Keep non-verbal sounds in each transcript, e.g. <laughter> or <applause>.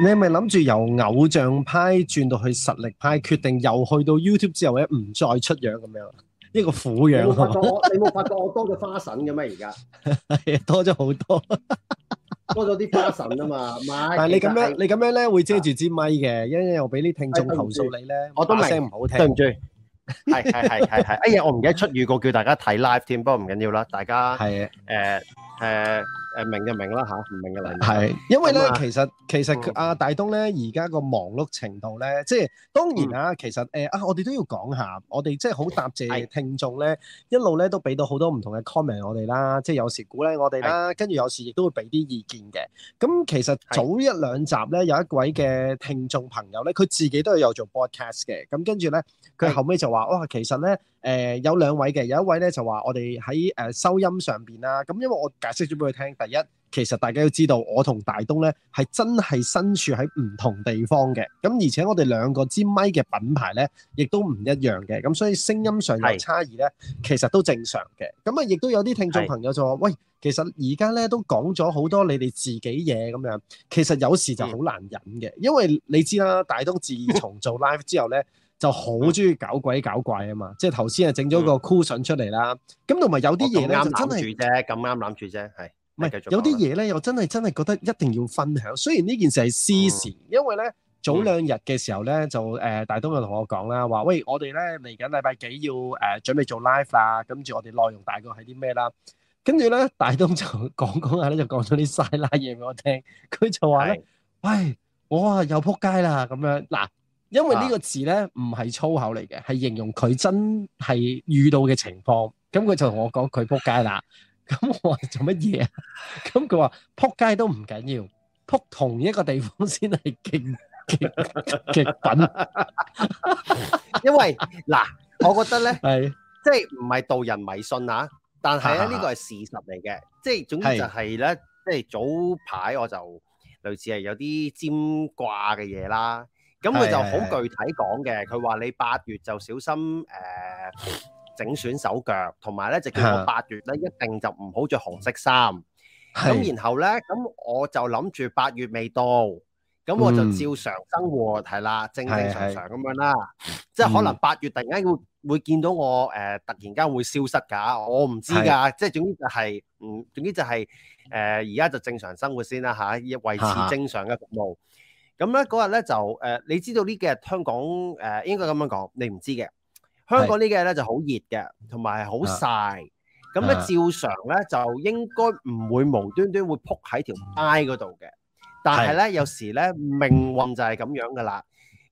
你係咪諗住由偶像派轉到去實力派，決定又去到 YouTube 之後，呢唔再出樣咁樣？一個苦樣啊！你有冇發覺我多咗花神嘅咩？而家係多咗好多，多咗啲花神啊嘛，唔係。但係你咁樣，你咁樣咧會遮住支咪嘅，因為我俾啲聽眾投訴你咧，我聲唔好聽，對唔住。係係係係係，哎呀！我唔記得出預告叫大家睇 live 添，不過唔緊要啦，大家係誒誒。誒明嘅明啦嚇，唔明嘅嚟。係，因為咧、嗯、其實其實阿大東咧而家個忙碌程度咧，即係當然啦、嗯，其實誒啊、呃，我哋都要講下，我哋即係好答謝聽眾咧，一路咧都俾到好多唔同嘅 comment 我哋啦。即係有時鼓勵我哋啦，跟住有時亦都會俾啲意見嘅。咁其實早一兩集咧，有一位嘅聽眾朋友咧，佢自己都係有做 broadcast 嘅。咁跟住咧，佢後尾就話哇、哦，其實咧。誒、呃、有兩位嘅，有一位咧就話我哋喺、呃、收音上面啦、啊，咁因為我解釋咗俾佢聽，第一其實大家都知道我同大東咧係真係身處喺唔同地方嘅，咁而且我哋兩個支咪嘅品牌咧亦都唔一樣嘅，咁所以聲音上有差異咧，其實都正常嘅。咁啊，亦都有啲聽眾朋友就話，喂，其實而家咧都講咗好多你哋自己嘢咁樣，其實有時就好難忍嘅，嗯、因為你知啦，大東自從做 live 之後咧。 <laughs> 就好中意搞鬼搞怪啊嘛！即係頭先啊，整咗個 cushion 出嚟啦。咁同埋有啲嘢咧，真係咁啱諗住啫。係唔係？繼續。有啲嘢咧，又真係真係覺得一定要分享。雖然呢件事係私事，因為咧早兩日嘅時候咧，就誒大東又同我講啦，話喂我哋咧嚟緊禮拜幾要誒準備做 live 啦，跟住我哋內容大概係啲咩啦？跟住咧大東就講講下咧，就講咗啲晒啦嘢俾我聽。佢就話咧，喂我啊又撲街啦咁樣嗱。因為呢個字咧唔係粗口嚟嘅，係形容佢真係遇到嘅情況。咁佢就同我講佢扑街啦。咁 <laughs> 我做乜嘢啊？咁佢話扑街都唔緊要，扑同一個地方先係極極極品。 <laughs> <laughs> 因為嗱，我覺得咧，即係唔係導人迷信吓，但係咧呢個係事實嚟嘅。即 <laughs> 係總之就係、是、咧，即、就、係、是、早排我就類似係有啲占卦嘅嘢啦。咁佢就好具體講嘅，佢話你八月就小心誒整損手腳，同埋咧就叫我八月咧一定就唔好著紅色衫。咁然後咧，咁我就諗住八月未到，咁我就照常生活係啦，正正常常咁樣啦。即係可能八月突然間會會見到我誒，突然間會消失㗎，我唔知㗎。即係總之就係，嗯，總之就係誒，而家就正常生活先啦嚇，維持正常嘅服務。咁咧嗰日咧就、呃、你知道呢幾日香港誒、呃、應該咁樣講，你唔知嘅。香港呢幾日咧就好熱嘅，同埋好晒。咁、啊、咧、嗯嗯、照常咧就應該唔會無端端會撲喺條街嗰度嘅。但係咧有時咧命運就係咁樣噶啦。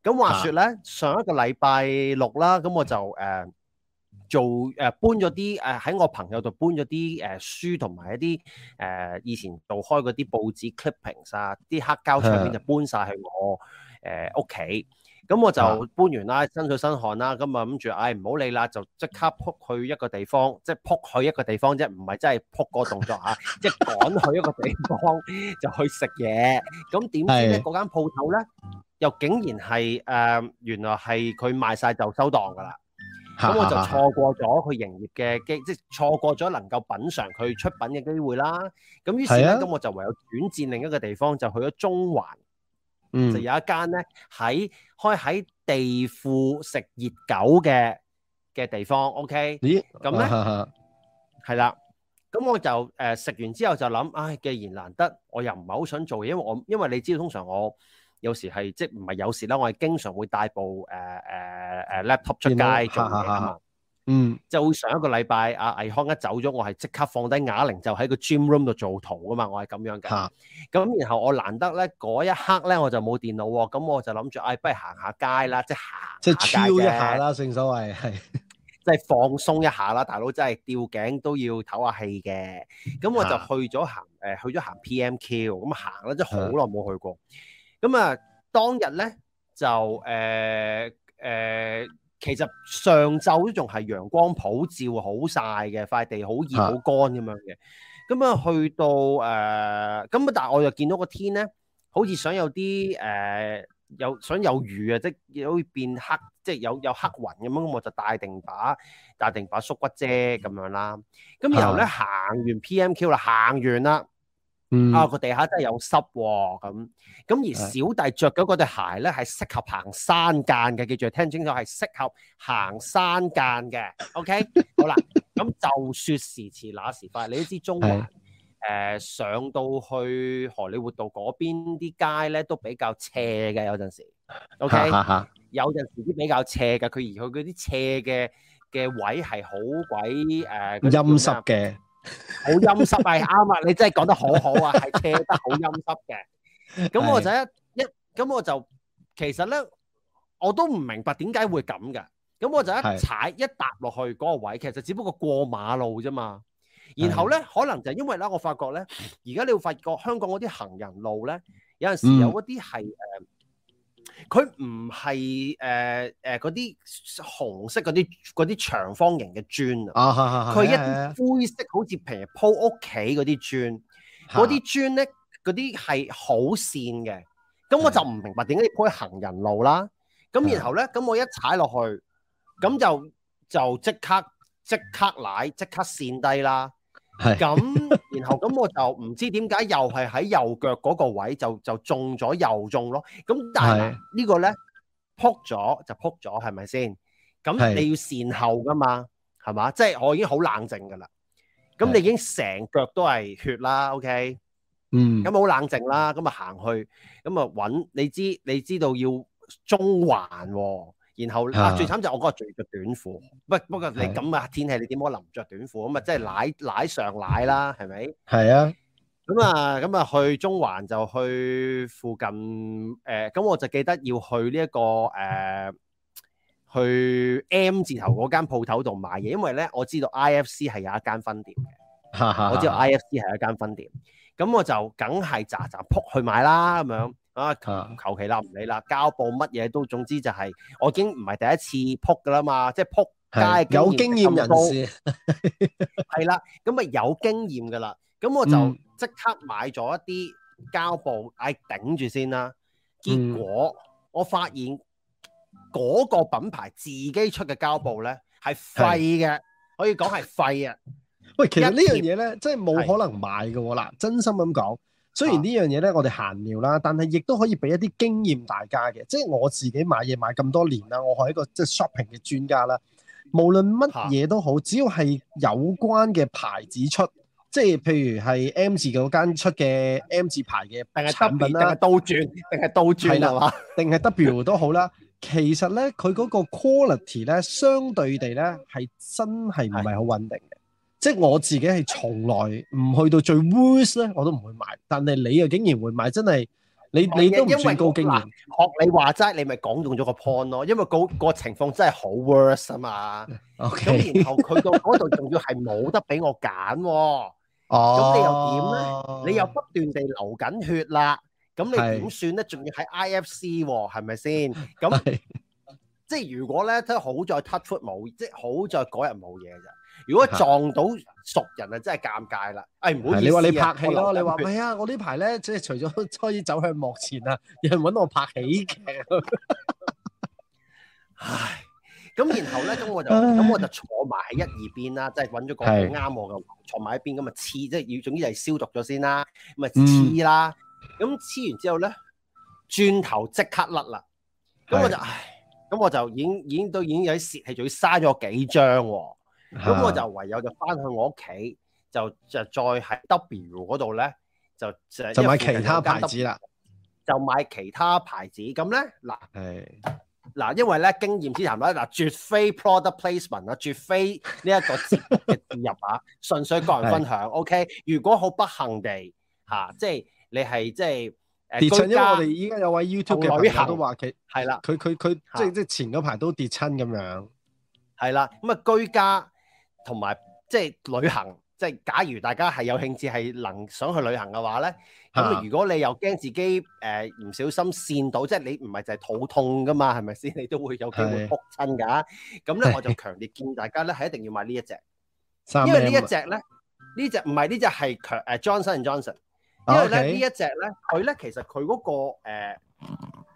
咁話說咧，上一個禮拜六啦，咁我就誒。呃做誒、呃、搬咗啲誒喺我朋友度搬咗啲誒書同埋一啲誒、呃、以前做開嗰啲報紙 clippings 啊，啲黑膠唱片就搬晒去我誒屋企，咁、呃、我就搬完啦，身水身汗啦，咁啊諗住唉唔好理啦，就即刻撲去一個地方，即係撲去一個地方啫，唔係真係撲個動作嚇、啊，即 <laughs> 係趕去一個地方就去食嘢，咁點知咧嗰間鋪頭咧又竟然係誒、呃、原來係佢賣晒就收檔㗎啦～咁我就錯過咗佢營業嘅機，即係錯過咗能夠品嚐佢出品嘅機會啦。咁於是咧，咁、啊、我就唯有轉戰另一個地方，就去咗中環、嗯，就有一間咧喺開喺地庫食熱狗嘅嘅地方。O、okay? K，咦？咁咧係啦。咁 <laughs> 我就誒食、呃、完之後就諗，唉、哎，既然難得，我又唔係好想做嘢，因為我因為你知道通常我。有時係即係唔係有時啦。我係經常會帶部誒誒誒 laptop 出街做嘢，嗯，就上一個禮拜阿魏康一走咗，我係即刻放低啞鈴就喺個 gym room 度做圖噶嘛，我係咁樣嘅，咁然後我難得咧嗰一刻咧我就冇電腦，咁我就諗住，唉、哎，不如行下街啦，即係行即係 chill 一下啦，正、就是、所謂係，即係、就是、放鬆一下啦，大佬真係吊頸都要唞下氣嘅，咁我就去咗行誒去咗行 PMQ 咁行啦，即係好耐冇去過。咁啊，當日咧就誒誒、呃呃，其實上晝都仲係陽光普照，好晒嘅，塊地好熱好乾咁樣嘅。咁啊，去到誒，咁、呃、啊，但係我又見到個天咧，好似想有啲誒、呃，有想有雨啊，即係好似變黑，即係有有黑雲咁樣，咁我就帶定把帶定把縮骨遮，咁樣啦。咁然後咧、啊、行完 PMQ 啦，行完啦。嗯、啊個地下真係有濕喎、啊，咁咁而小弟着咗嗰對鞋咧，係適合行山間嘅，記住你聽清楚，係適合行山間嘅。OK， <laughs> 好啦，咁就說時遲那時快，你都知中國誒、啊呃、上到去荷里活道嗰邊啲街咧都比較斜嘅，有陣時 OK，哈哈有陣時啲比較斜嘅，佢而佢嗰啲斜嘅嘅位係好鬼誒陰濕嘅。呃好陰濕係啱啊！你真係講得好好啊，係斜得好陰濕嘅。咁我就一一咁我就，其實咧我都唔明白點解會咁嘅。咁我就一踩一踏落去嗰個位，其實只不過過馬路啫嘛。然後咧，可能就因為咧，我發覺咧，而家你會發覺香港嗰啲行人路咧，有陣時有一啲係誒。嗯佢唔係誒誒嗰啲紅色嗰啲啲長方形嘅磚啊，佢、啊、係、啊、一啲灰色、啊啊、好似平日鋪屋企嗰啲磚，嗰、啊、啲磚咧嗰啲係好跣嘅，咁我就唔明白點解你鋪行人路啦？咁、啊、然後咧，咁我一踩落去，咁就就即刻即刻瀨即刻跣低啦。咁， <laughs> 然後咁我就唔知點解又係喺右腳嗰個位就就中咗又中咯。咁但係呢個咧撲咗就撲咗，係咪先？咁你要善後噶嘛，係嘛？即係我已經好冷靜噶啦。咁你已經成腳都係血啦，OK？嗯，咁好冷靜啦，咁啊行去，咁啊揾你知你知道要中環。然後啊，最慘就我嗰日著短褲，唔係不過你咁嘅天氣，你點可能唔著短褲？咁啊，即係奶奶上奶啦，係咪？係啊，咁啊，咁啊，去中環就去附近誒，咁我就記得要去呢一個誒，去 M 字頭嗰間鋪頭度買嘢，因為咧我知道 IFC 係有一間分店嘅，我知道 IFC 係有一間分店，咁我就梗係扎扎撲去買啦，咁樣。啊，求其啦，唔理啦，膠布乜嘢都，總之就係、是、我已經唔係第一次撲噶啦嘛，即係撲街，有經驗人士係啦，咁 <laughs> 啊有經驗噶啦，咁我就即刻買咗一啲膠布，唉、嗯、頂住先啦。結果我發現嗰個品牌自己出嘅膠布咧係廢嘅，可以講係廢啊。喂，其實呢樣嘢咧，即係冇可能買噶啦，真心咁講。雖然呢樣嘢咧，我哋閒聊啦，但係亦都可以俾一啲經驗大家嘅。即係我自己買嘢買咁多年啦，我係一個即係 shopping 嘅專家啦。無論乜嘢都好，只要係有關嘅牌子出，即係譬如係 M 字嗰間出嘅 M 字牌嘅產品啦，定係倒轉，定係倒轉係啦，定係 W 都好啦。 <laughs> 其實咧，佢嗰個 quality 咧，相對地咧係真係唔係好穩定嘅。即係我自己係從來唔去到最 worst 咧，我都唔會買。但係你又竟然會買，真係你因為你都唔算高經驗。學你話齋，你咪講中咗個 point 咯。因為個情況真係好 worse 啊嘛。咁、okay。然後佢到嗰度仲要係冇得俾我揀。哦，咁你又點咧？Oh. 你又不斷地流緊血啦。咁你點算咧？仲要喺 IFC 喎，係咪先？咁 <laughs> 即係如果咧都好在 touch foot 冇，即係好在嗰日冇嘢啫。如果撞到熟人啊，真係尷尬啦！哎，唔好意思、啊、你話你拍戲咯。你話係啊！我這子呢排咧，即係除咗開始走向幕前啊，有人揾我拍喜劇 <laughs> 唉那那那。唉，咁、就是、然後咧，咁我就咁我就坐埋喺一二邊啦，即係揾咗個啱我嘅，坐埋一邊咁啊黐，即係要總之係消毒咗先啦，咁啊黐啦。咁、嗯、黐完之後咧，轉頭即刻甩啦。咁我就的唉，咁我就已經已經都已經有啲泄氣，仲要嘥咗幾張喎、啊。咁、啊、我就唯有就翻去我屋企，就就再喺 W 度咧，就就，就買其他牌子啦，就買其他牌子咁咧嗱嗱，因為咧經驗之談啦嗱，絕非 product placement 啊，絕非呢一個嘅入 <laughs> 啊，純粹個人分享 OK。如果好不幸地嚇，即、啊、係、就是、你係即係誒，跌親，因為我哋依家有位 YouTube 嘅朋友都話佢係啦，佢佢佢即係即係前嗰排都跌親咁樣，係啦，咁啊居家。同埋即係旅行，即係假如大家係有興致係能想去旅行嘅話咧，咁、啊、如果你又驚自己誒唔、呃、小心跣到，即係你唔係就係肚痛噶嘛，係咪先？你都會有機會扑親噶，咁咧我就強烈建議大家咧係 <laughs> 一定要買呢一隻，因為呢一隻呢 <laughs> 一隻咧呢隻唔係呢隻係強誒 Johnson & Johnson，因為咧呢、啊 okay？一隻咧佢咧其實佢嗰、嗰個誒。呃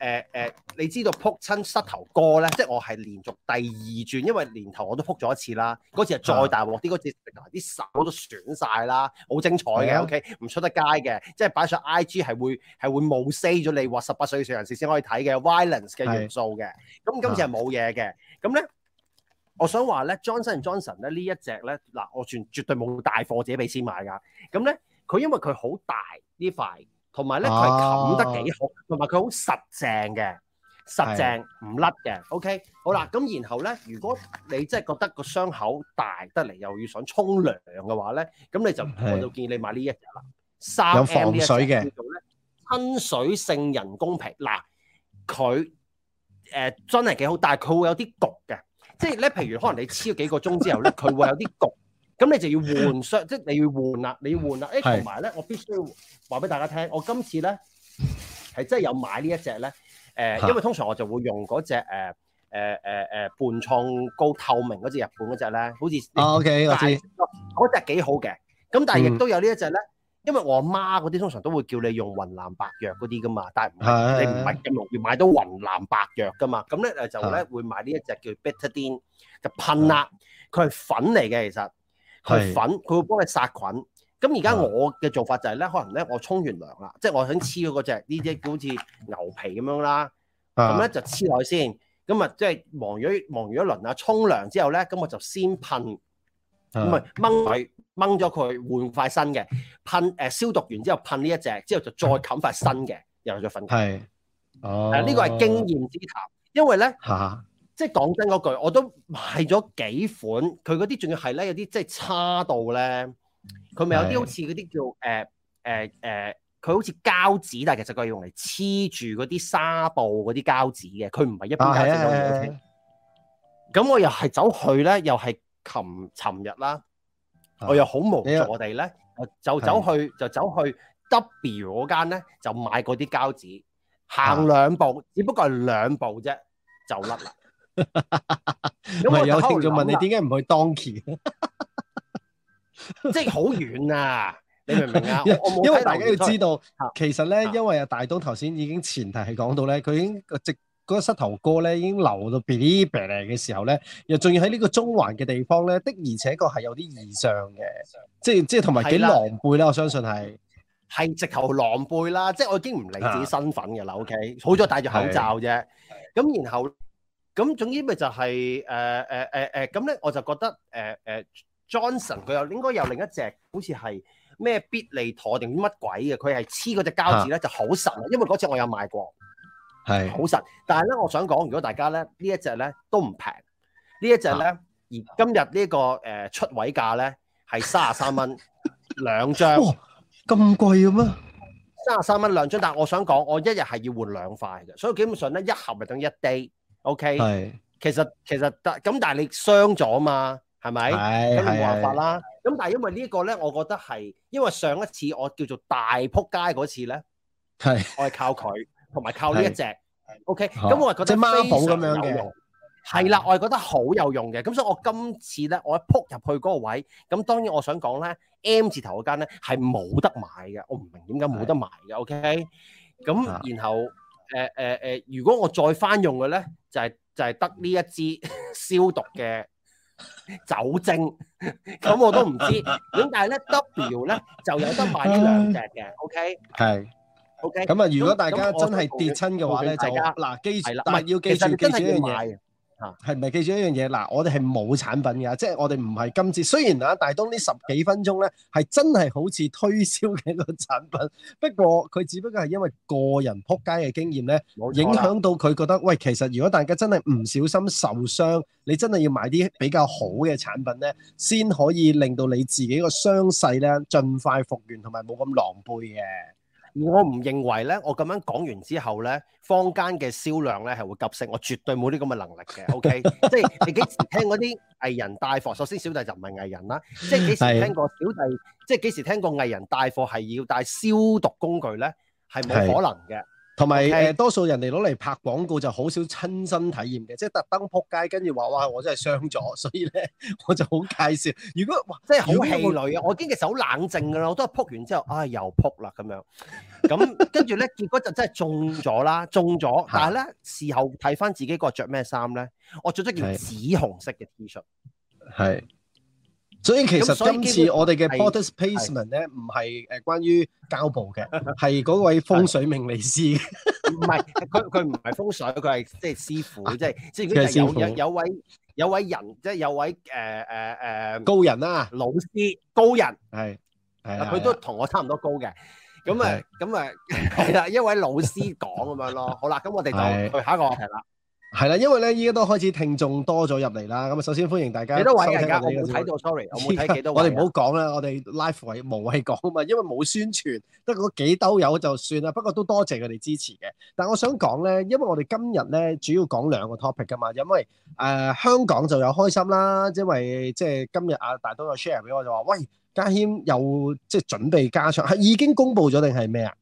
呃呃、你知道撲親膝頭哥咧？即我係連續第二轉，因為年頭我都撲咗一次啦。嗰次係再大鑊啲，嗰、啊、次啲手都損曬啦，好精彩嘅、啊。OK，唔出得街嘅，即係擺上 IG 係會冇 say 咗你話十八歲以上人士先可以睇嘅 violence 嘅元素嘅。咁今次係冇嘢嘅。咁咧、啊，我想話咧，Johnson 同 Johnson 咧呢一隻咧，嗱，我絕對冇大貨自己俾先買㗎。咁咧，佢因為佢好大呢塊。同埋咧，佢係冚得幾好，同埋佢好實淨嘅，實淨唔甩嘅。OK，好啦，咁然後咧，如果你真係覺得個傷口大得嚟，又要想沖涼嘅話咧，咁你就我就建議你買呢一隻啦，3M 有防水嘅，呢一種叫做咧親水性人工皮。嗱，佢誒、呃、真係幾好，但係佢會有啲焗嘅，即係咧，譬如可能你黐咗幾個鐘之後咧，佢 <laughs> 會有啲焗。咁你就要換藥，即、就、係、是、你要換啦，你要換啦。誒、欸，同埋咧，我必須要話俾大家聽，我今次咧係真係有買呢一隻咧。誒、呃啊，因為通常我就會用嗰隻誒誒誒誒絆創膏透明嗰隻日本嗰隻咧，好似、啊、OK 我知嗰隻幾好嘅。咁但係亦都有一呢一隻咧，因為我媽嗰啲通常都會叫你用雲南白藥嗰啲噶嘛，但係唔係，你唔係咁容易買到雲南白藥噶嘛。咁咧誒就咧會買呢一隻叫 Betadine 就噴啦，佢、嗯、係粉嚟嘅其實。佢粉佢會幫你殺菌，咁而家我嘅做法就係咧，可能咧我沖完涼啦，即係我想黐佢嗰隻呢啲好似牛皮咁樣啦，咁咧就黐落去先，咁啊即係忙咗忙咗一輪啊，沖涼之後咧，咁我就先噴，唔係掹佢掹咗佢換塊新嘅，噴誒消毒完之後噴呢一隻，之後就再冚塊新嘅，然後再粉。係，哦，呢個係經驗之談，因為咧嚇。啊。即係講真嗰句，我都買咗幾款，佢嗰啲仲要係咧，有啲即係差到咧，佢咪有啲好似嗰啲叫誒誒誒，佢好似膠紙，但係其實佢係用嚟黐住嗰啲紗布嗰啲膠紙嘅，佢唔係一般膠紙咁、啊啊。我又係走去咧，又係琴尋日啦，我又好無助哋咧、啊，就走去就走去 W 嗰間咧，就買嗰啲膠紙，行兩步、啊，只不過係兩步啫，就甩啦。 <laughs> 唔 <laughs> 為有聽眾問你點解唔去 Donkey 即係好遠啊！你明唔明啊？因為大家要知道，其實咧，因為阿大東頭先已經前提係講到咧，佢已經直個膝頭哥咧，已經流到鼻鼻鼻嘅時候咧，又仲要喺呢個中環嘅地方咧、就是，的而且確係有啲異常嘅，即係即係同埋幾狼狽咧。我相信係係直頭狼狽啦，即係我已經唔理自己身份嘅啦。OK，好咗戴住口罩啫。咁然後。咁總之咪就係誒誒誒誒，咁、呃、咧、呃呃、我就覺得誒誒、呃呃、Johnson 佢又應該有另一隻好似係咩必利妥定啲乜鬼嘅，佢係黐嗰隻膠紙咧就好實、啊，因為嗰次我有買過，係好實。但係咧，我想講，如果大家咧呢一隻咧都唔平，呢一隻咧、啊、而今日呢、這、一個、呃、出位價咧係三十三蚊兩張，咁 <laughs> 貴嘅咩？三十三蚊兩張，但係我想講，我一日係要換兩塊嘅，所以基本上咧一盒咪等一 day。O K，其實其實，咁但係你傷咗嘛，係咪？咁你冇辦法啦。咁但係因為呢個咧，我覺得係因為上一次我叫做大扑街嗰次咧，係我係靠佢同埋靠呢一隻。O K，咁我係覺得非常有用嘅，係啦，我係覺得好有用嘅。咁所以我今次咧，我一撲入去嗰個位，咁當然我想講咧，M 字頭嗰間咧係冇得買嘅，我唔明點解冇得買嘅。O K，咁然後。誒誒誒，如果我再翻用嘅咧，就係就係得呢一支消毒嘅酒精，咁我都唔知。咁但係咧，W 咧就有得買呢兩隻嘅，OK？係，OK？咁啊，如果大家真係跌親嘅話咧，就嗱，記住，但係要記住記住呢樣嘢。係咪記住一樣嘢？嗱，我哋係冇產品㗎，即係我哋唔係今次。雖然啊，大東呢十幾分鐘咧，係真係好似推銷嘅個產品。不過佢只不過係因為個人撲街嘅經驗咧，影響到佢覺得喂，其實如果大家真係唔小心受傷，你真係要買啲比較好嘅產品咧，先可以令到你自己個傷勢咧，盡快復原同埋冇咁狼狽嘅。我唔認為咧，我咁樣講完之後咧，坊間嘅銷量咧係會急升，我絕對冇呢個咁嘅能力嘅，OK？ <laughs> 即係你幾時聽嗰啲藝人帶貨？首先小弟就唔係藝人啦，即係幾時聽過小弟？即係幾時聽過藝人帶貨係要帶消毒工具咧？係冇可能嘅。同埋、okay. 多數人哋攞嚟拍廣告就好少親身體驗嘅，即係特登撲街，跟住話哇，我真係傷咗，所以咧我就好介紹。如果哇，真係好氣餒啊！我堅其實好冷靜噶啦，我都係撲完之後，唉、哎、又撲啦咁樣。咁跟住咧，結果就真係中咗啦，中咗。但係咧，事 <laughs> 後睇翻自己個着咩衫咧，我着咗件紫紅色嘅 T 恤。係。 <laughs> <laughs> <laughs> 所以其實今次我哋嘅 porter s p a c e m e n t 咧，唔係誒關於膠布嘅，係嗰位風水命理師。唔 <laughs> 係，佢佢唔係風水，佢係即係師傅，即係即係有有有位有位人，即係有位誒誒誒高人啦、啊，老師高人，係係，佢都同我差唔多高嘅。咁啊咁啊係啦，一位老師講咁樣咯。 <laughs> 好啦，咁我哋就去下一個話題啦。係啦，因為咧依家都開始聽眾多咗入嚟啦。咁啊，首先歡迎大家。幾多位人噶？我冇睇到，sorry，我冇睇幾多位我。我哋唔好講啦，我哋 live 位無謂講啊嘛，因為冇宣傳，得嗰幾兜友就算啦。不過都多謝佢哋支持嘅。但係我想講咧，因為我哋今日咧主要講兩個 topic 噶嘛。因為誒、呃、香港就有開心啦，因為即係今日啊大都有 share 俾我就話，喂，家謙有即係、就是、準備加唱，係已經公布咗定係咩啊？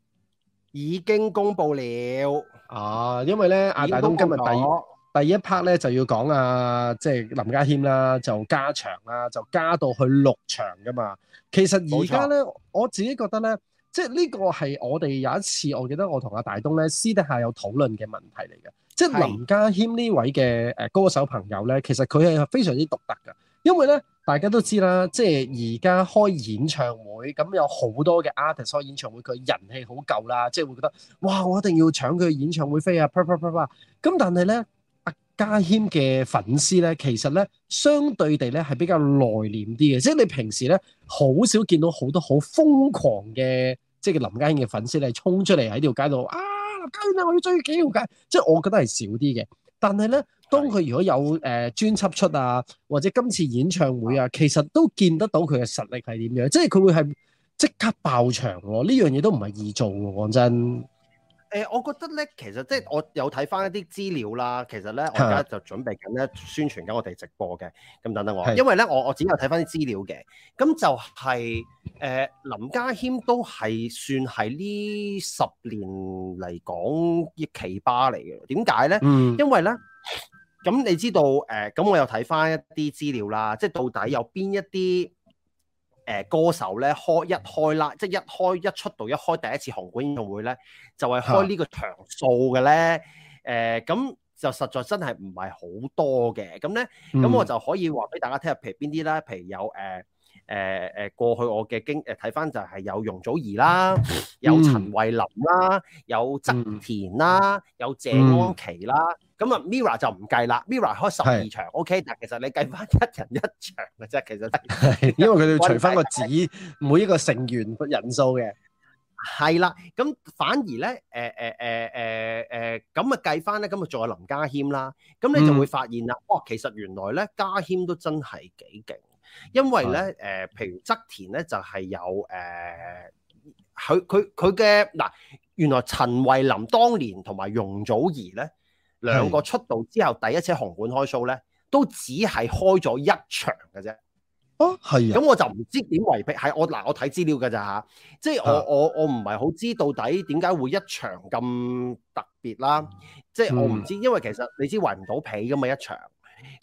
已經公布了。哦、啊，因為咧，阿大東今日第第一 part 咧就要講啊即係林家謙啦，就加場啦，就加到去六場噶嘛。其實而家咧，我自己覺得咧，即係呢個係我哋有一次，我記得我同阿大東咧私底下有討論嘅問題嚟嘅。即係林家謙呢位嘅誒歌手朋友咧，其實佢係非常之獨特噶，因為咧。大家都知啦，即係而家開演唱會，咁有好多嘅 artist 開演唱會，佢人氣好夠啦，即係會覺得哇，我一定要搶佢嘅演唱會飛啊！咁啪啪啪啪，但係咧，阿家謙嘅粉絲咧，其實咧，相對地咧係比較內斂啲嘅，即係你平時咧好少見到好多好瘋狂嘅，即係林家謙嘅粉絲呢，衝出嚟喺條街度啊！林家謙啊，我要追幾條街！」即係我覺得係少啲嘅。但係呢，當佢如果有誒、呃、專輯出啊，或者今次演唱會啊，其實都見得到佢嘅實力係點樣，即係佢會係即刻爆場喎。呢樣嘢都唔係易做喎，講真的。誒、呃，我覺得咧，其實即係我有睇翻一啲資料啦。其實咧，我而家就準備緊咧宣傳緊我哋直播嘅。咁等等我，是的 因為咧，我我只有睇翻啲資料嘅。咁就係、是、誒、呃，林家謙都係算係呢十年嚟講嘅奇葩嚟嘅。點解咧？嗯、因為咧，咁你知道誒？咁、呃、我有睇翻一啲資料啦，即係到底有邊一啲？誒歌手咧開一開啦，即係一開一出道一開第一次紅館演唱會咧，就係、是、開呢個場數嘅咧。誒、啊、咁、呃、就實在真係唔係好多嘅。咁咧咁我就可以話俾大家聽，譬如邊啲啦，譬如有誒誒誒過去我嘅經誒睇翻就係有容祖兒啦，有陳慧琳啦，有側田啦，嗯、有謝安琪啦。咁啊，Mira 就唔計啦，Mira 開十二場，OK，但其實你計翻一人一場嘅啫，其實得、就是。因為佢哋要除翻個指 <laughs> 每一個成員個人數嘅。係啦，咁反而咧，誒誒誒誒誒，咁啊計翻咧，咁啊仲有林家謙啦，咁你就會發現啦，嗯、哦，其實原來咧，家謙都真係幾勁，因為咧、呃，譬如側田咧就係、是、有誒，佢佢佢嘅嗱，原來陳慧琳當年同埋容祖兒咧。兩個出道之後第一次紅館開 show 咧，都只係開咗一場嘅啫。哦，係啊。咁、啊嗯、我就唔知點圍皮，係我嗱我睇資料噶咋吓，即係我、啊、我我唔係好知到底點解會一場咁特別啦。即係我唔知道、啊，因為其實你知圍唔到皮噶嘛一場。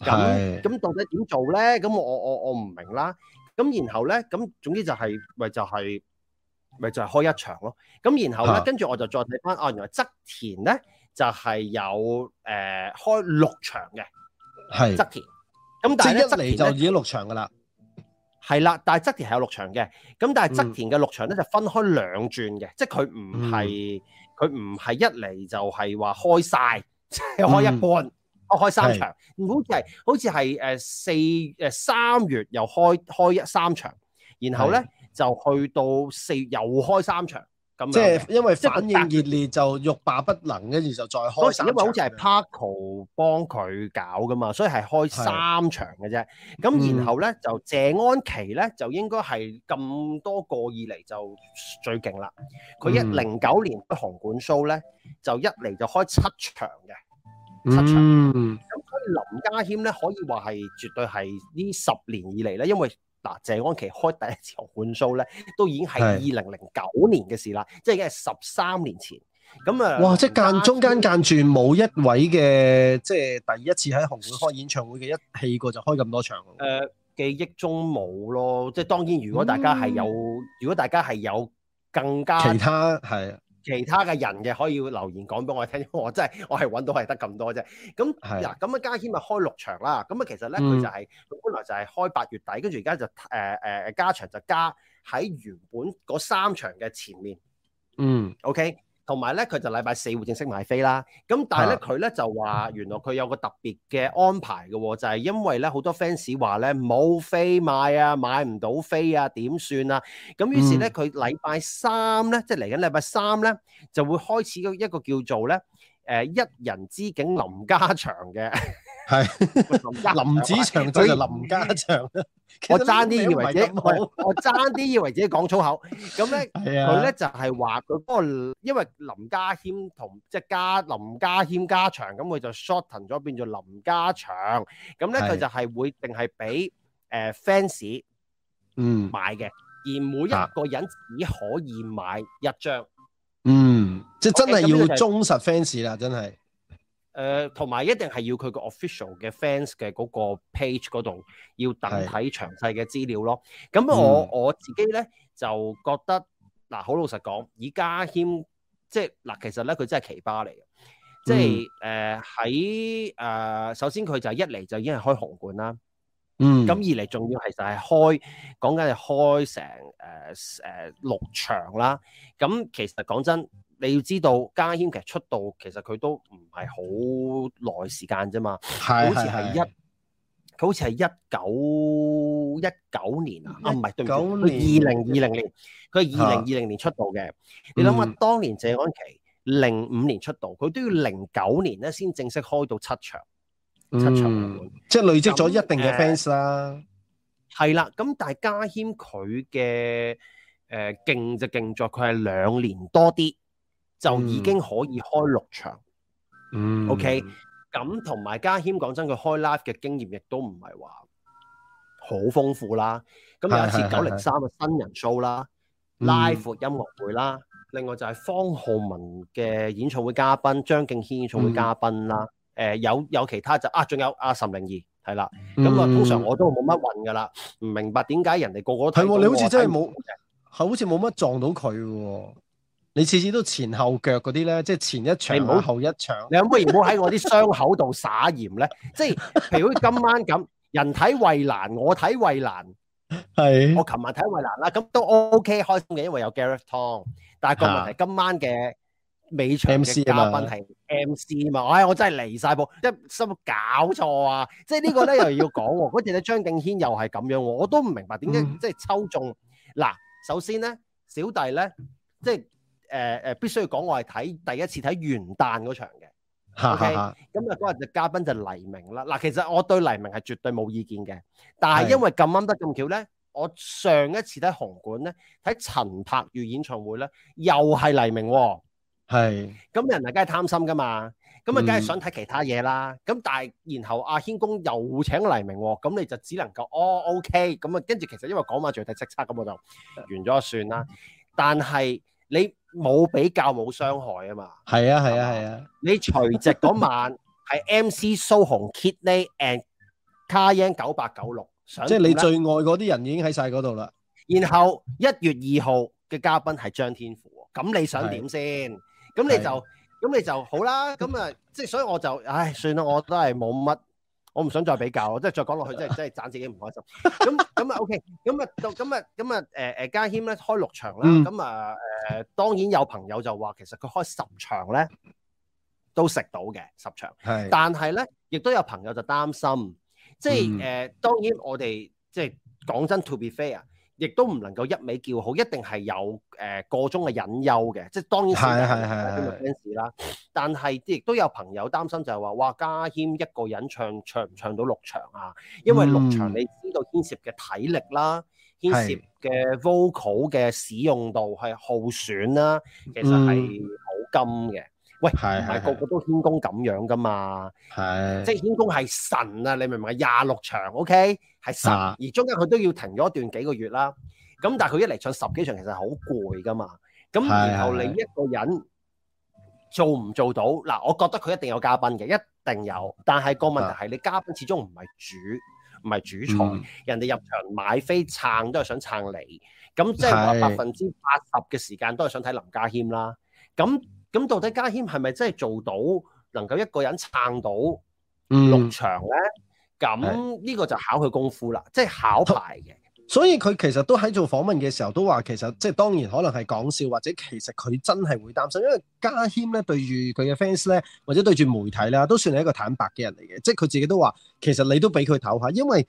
係、嗯。咁咁、啊、到底點做咧？咁我我我唔明啦。咁然後咧，咁總之就係、是、咪就係、是、咪就係、是就是、開一場咯。咁然後咧，跟住我就再睇翻，哦、啊啊、原來側田咧。就係、是、有誒、呃、開六場嘅，係側田，咁但係咧一嚟就已經六場噶啦，係啦，但係側田係有六場嘅，咁但係側田嘅六場咧就分開兩轉嘅，嗯、即係佢唔係佢唔係一嚟就係話開晒，即、嗯、係 <laughs> 開一半，開三場，的好似係好似係誒四誒三月又開開一三場，然後咧就去到四月又開三場。即係因為反應熱烈就欲罷不能，跟住就再開三場。因為好似係 Parco 幫佢搞㗎嘛，所以係開三場嘅啫。咁然後咧、嗯、就謝安琪咧就應該係咁多個以嚟就最勁啦。佢一零九年喺紅館 show 咧就一嚟就開七場嘅，七場。咁所以林家謙咧可以話係絕對係呢十年以嚟咧，因為。嗱，謝安琪開第一次紅館 show 咧，都已經係二零零九年嘅事啦，即係已經係十三年前。咁啊、呃，哇！即係間中間間住冇一位嘅、嗯，即係第一次喺紅館開演唱會嘅一氣過就開咁多場。誒、呃，記憶中冇咯。即係當然如、嗯，如果大家係有，如果大家係有更加其他係。其他嘅人嘅可以留言講俾我聽，因為我真係我係揾到係得咁多啫。咁嗱，咁啊加險咪開六場啦。咁啊其實咧佢就係、是嗯、本來就係開八月底，跟住而家就誒誒、呃、加場就加喺原本嗰三場嘅前面。嗯，OK。同埋咧，佢就禮拜四會正式買飛啦。咁但係咧，佢咧就話原來佢有個特別嘅安排嘅喎，就係因為咧好多 fans 話咧冇飛買啊，買唔到飛啊，點算啊？咁於是咧，佢禮拜三咧，即係嚟緊禮拜三咧，就會開始一個叫做咧誒一人之境林家謙嘅。係林 <laughs> 林子祥就林加場，我爭啲以為自己我爭啲以為自己講粗口，咁咧，佢咧就係話佢嗰個，因為林家謙同即係、就是、加，林家謙加場，咁佢就 shorten 咗變做林加場，咁咧佢就係會定係俾誒 fans 嗯買嘅，而每一個人只可以買一張，嗯，即係真係要忠實 fans 啦，真係。誒、呃，同埋一定係要佢個 official 嘅 fans 嘅嗰個 page 嗰度要等睇詳細嘅資料咯。咁我我自己咧就覺得，嗱、呃，好老實講，以家謙即係嗱、呃，其實咧佢真係奇葩嚟嘅。即係喺首先佢就一嚟就已經係開紅館啦。嗯。咁二嚟仲要係就係開講緊係開成、呃呃、六場啦。咁其實講真。你要知道，家謙其實出道其實佢都唔係好耐時間啫嘛，好似係一佢好似係一九一九年,年啊，年啊唔係對二零二零年佢二零二零年出道嘅、啊。你諗下，當年謝安琪零五年出道，佢都要零九年咧先正式開到七場、啊、七場、嗯、即係累積咗一定嘅 fans 啦、嗯。係、呃、啦，咁、啊、但係家謙佢嘅誒勁就勁在佢係兩年多啲。就已經可以開六場、嗯、OK。咁同埋家謙講真，佢開 live 嘅經驗亦都唔係話好豐富啦。咁有一次九零三嘅新人 show 啦，live、嗯、音樂會啦，嗯、另外就係方皓玟嘅演唱會嘉賓，張敬軒演唱會嘉賓啦。嗯呃、有有其他就啊，仲有阿、啊、岑玲怡係啦。咁啊、嗯，通常我都冇乜運㗎啦。唔明白點解人哋個個睇你好似真係冇，好似冇乜撞到佢喎。你次次都前後腳嗰啲咧，即係前一場、啊、你唔好後一場， <laughs> 你可唔可以唔好喺我啲傷口度撒鹽咧？ <laughs> 即係，譬如今晚咁，人睇衞蘭，我睇衞蘭，係，我琴晚睇衞蘭啦，咁都 O、OK, K 開心嘅，因為有 Gareth Tong，但係個問題今晚嘅尾場嘅嘉賓係 M C 嘛，唉、哎，我真係離曬譜，一心搞錯啊！即係呢個咧又要講喎、啊，嗰陣咧張敬軒又係咁樣，我都唔明白點解、嗯、即係抽中嗱。首先咧，小弟咧，即係。誒、呃、誒，必須要講，我係睇第一次睇元旦嗰場嘅 <laughs> ，OK，咁啊嗰日嘅嘉賓就黎明啦。嗱，其實我對黎明係絕對冇意見嘅，但係因為咁啱得咁巧咧，我上一次睇紅館咧睇陳柏宇演唱會咧，又係黎明喎，咁人啊，梗係貪心噶嘛，咁啊，梗係想睇其他嘢啦。咁、嗯、但係然後阿軒公又請黎明喎，咁你就只能夠哦 OK，咁啊跟住其實因為講話仲要睇叱咤咁我就完咗算啦。 <laughs> 但係。你冇比較冇傷害啊嘛，係啊係啊係啊，你除夕嗰晚係 MC Soho Kidney and Kayan 9896，即係你最愛嗰啲人已經喺晒嗰度啦。然後一月二號嘅嘉賓係張天賦，咁你想點先？咁你就咁你就好啦。咁啊，即係所以我就唉，算啦，我都係冇乜。我唔想再比較，即係再講落去，即係真係盞自己唔開心。咁咁啊，OK，咁啊，到咁啊，咁啊，誒誒，家謙咧開六場啦。咁啊誒，當然有朋友就話，其實佢開十場咧都食到嘅十場。係是，但係咧，亦都有朋友就擔心，即係誒、嗯呃。當然我哋即係講真，to be fair。亦都唔能夠一味叫好，一定係有誒、呃、個中嘅隱憂嘅，即係當然先啦，fans 啦。但係亦都有朋友擔心就係話，哇，家謙一個人唱唱唔唱到六場啊？因為六場你知道牽涉嘅體力啦，嗯、牽涉嘅 vocal 嘅使用度係耗損啦，其實係好金嘅。喂，唔係個個都天公咁樣噶嘛？係，即係天公係神啊！你明唔明？廿六場，OK，係神，而中間佢都要停咗一段幾個月啦。咁但係佢一嚟唱十幾場，其實好攰噶嘛。咁然後你一個人做唔做到？嗱，我覺得佢一定有嘉賓嘅，一定有。但係個問題係，你嘉賓始終唔係主，唔係主菜，嗯。人哋入場買飛撐都係想撐你。咁即係話百分之八十嘅時間都係想睇林家謙啦。咁咁到底家謙係咪真係做到能夠一個人撐到六場咧？咁、嗯、呢個就考佢功夫啦，即、嗯、係、就是、考牌嘅。所以佢其實都喺做訪問嘅時候都話，其實即、就、係、是、當然可能係講笑，或者其實佢真係會擔心。因為家謙咧對住佢嘅 fans 咧，或者對住媒體啦，都算係一個坦白嘅人嚟嘅。即係佢自己都話，其實你都俾佢唞下，因為。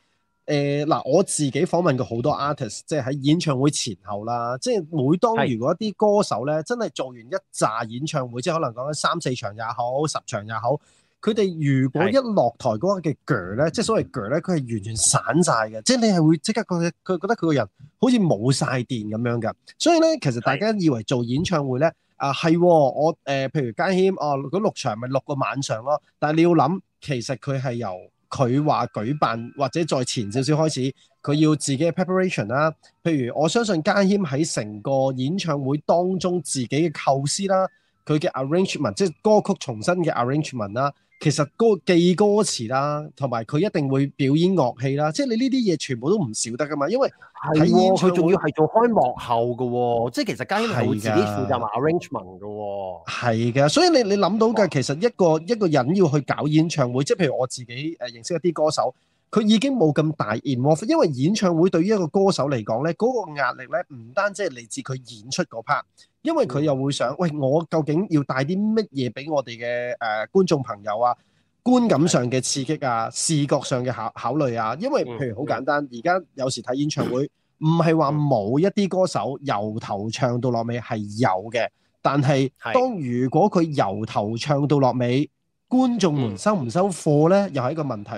誒、呃、嗱，我自己訪問過好多 artist，即係喺演唱會前後啦，即係每當如果啲歌手咧真係做完一紮演唱會，即係可能講緊三四場也好，十場也好，佢哋如果一落台嗰個嘅鋸咧，即係所謂鋸咧，佢係完全散晒嘅、嗯，即係你係會即刻覺佢覺得佢個人好似冇晒電咁樣嘅。所以咧，其實大家以為做演唱會咧，啊係、呃。我、呃、譬如家謙，哦、呃，六場咪六個晚上咯，但係你要諗，其實佢係由。佢話舉辦或者在前少少開始，佢要自己嘅 preparation 啦。譬如我相信家謙喺成個演唱會當中自己嘅構思啦，佢嘅 arrangement，即係歌曲重新嘅 arrangement 啦。其實歌記歌詞啦，同埋佢一定會表演樂器啦，即係你呢啲嘢全部都唔少得噶嘛。因為喺演唱會，佢仲要係做開幕後嘅喎，即係其實家謙係自己負責埋 arrangement 嘅喎。係嘅，所以你你諗到嘅，其實一個一個人要去搞演唱會，即係譬如我自己誒認識一啲歌手，佢已經冇咁大 in work，因為演唱會對於一個歌手嚟講咧，嗰個壓力咧唔單止係嚟自佢演出個 part。因為佢又會想，喂，我究竟要帶啲乜嘢俾我哋嘅誒觀眾朋友啊？觀感上嘅刺激啊，視覺上嘅考考慮啊。因為譬如好簡單，而家有時睇演唱會，唔係話冇一啲歌手由頭唱到落尾係有嘅，但係當如果佢由頭唱到落尾，觀眾們收唔收貨呢？又係一個問題。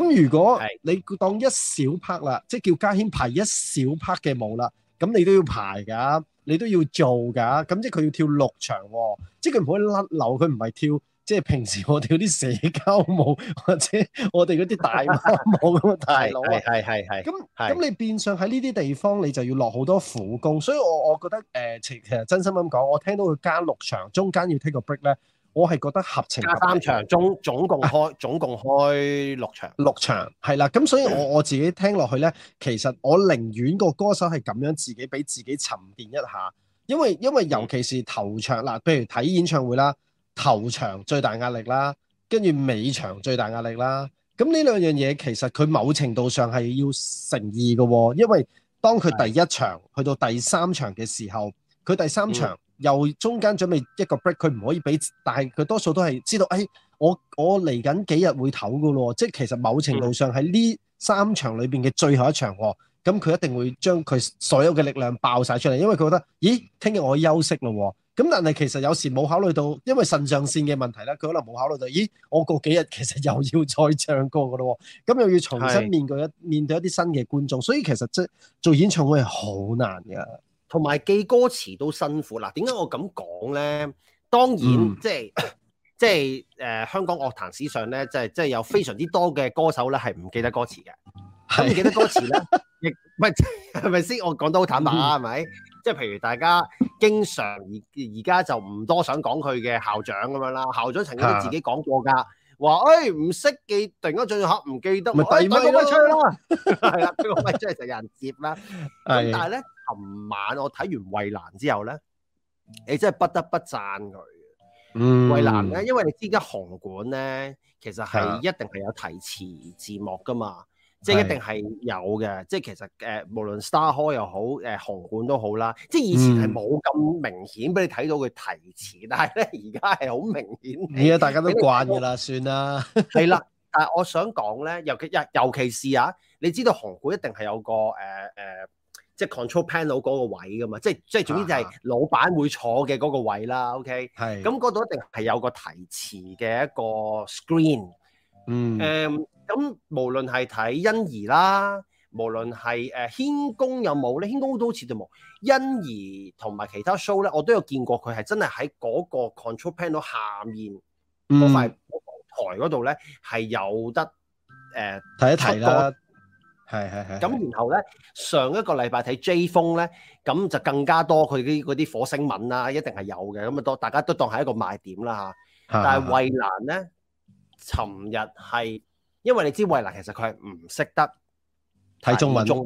咁如果你當一小拍啦，即叫家軒排一小拍嘅舞啦。咁你都要排㗎、啊，你都要做㗎、啊，咁即係佢要跳六場喎、啊，即係佢唔可以甩漏，佢唔係跳，即係平時我跳啲社交舞或者我哋嗰啲大媽舞咁嘅大路啊，係係係係，咁 <laughs> 咁那 <laughs> 你變相喺呢啲地方你就要落好多苦功，所以我我覺得誒、呃，其實真心咁講，我聽到佢加六場，中間要 take 個 break 咧。我係覺得合情，三場，總，總共開、啊、總共開六場，六場係啦。咁所以我，我我自己聽落去呢、嗯，其實我寧願個歌手係咁樣自己俾自己沉澱一下，因為因為尤其是頭場啦，譬如睇演唱會啦，頭場最大壓力啦，跟住尾場最大壓力啦。咁呢兩樣嘢其實佢某程度上係要誠意嘅喎，因為當佢第一場去、嗯、到第三場嘅時候，佢第三場。嗯又中間準備一個 break，佢唔可以俾，但係佢多數都係知道，哎，我我嚟緊幾日會唞㗎咯，即係其實某程度上喺呢三場裏邊嘅最後一場喎，咁佢一定會將佢所有嘅力量爆晒出嚟，因為佢覺得，咦，聽日我休息咯，咁但係其實有時冇考慮到，因為腎上腺嘅問題咧，佢可能冇考慮到，咦，我過幾日其實又要再唱歌㗎咯，咁又要重新面對一面對一啲新嘅觀眾，所以其實即係做演唱會係好難㗎。同埋記歌詞都辛苦嗱，點解我咁講咧？當然、嗯、即係即係誒、呃、香港樂壇史上咧，即係即係有非常之多嘅歌手咧，係唔記得歌詞嘅，唔記得歌詞咧，亦唔係係咪先？我講得好坦白啊，係、嗯、咪？即係譬如大家經常而而家就唔多想講佢嘅校長咁樣啦，校長曾經都自己講過噶，話誒唔識記，突然間進入黑唔記得，咪第二位咯，係啦，第二位出嚟就有人接啦， <laughs> 但係咧。琴晚我睇完《衛蘭》之後咧，你真係不得不讚佢。衛蘭咧，因為你知而家紅館咧，其實係一定係有提詞字幕噶嘛，即、啊、係、就是、一定係有嘅。即係其實誒、呃，無論 Star Hall 又好，誒、呃、紅館都好啦。即係以前係冇咁明顯俾你睇到佢提詞、嗯，但係咧而家係好明顯。而家大家都慣噶啦， <laughs> 算啦了。係 <laughs> 啦，但係我想講咧，尤其尤尤其是啊，你知道紅館一定係有個誒誒。呃呃即係 control panel 嗰個位㗎嘛，即係即係總之就係老闆會坐嘅嗰個位啦、啊。OK，係。咁嗰度一定係有個提詞嘅一個 screen 嗯。嗯。誒，咁無論係睇欣宜啦，無論係誒軒公有冇咧，軒公都好似都冇。欣宜同埋其他 show 咧，我都有見過佢係真係喺嗰個 control panel 下面嗰、嗯、塊舞台嗰度咧係有得誒睇、呃、一睇啦。係係係，咁然後咧，上一個禮拜睇 Jay Fung 咧，咁就更加多佢啲嗰啲火星文啦、啊，一定係有嘅，咁啊多大家都當係一個賣點啦嚇。是是是，但係衛蘭咧，尋日係因為你知衛蘭其實佢係唔識得睇中文，係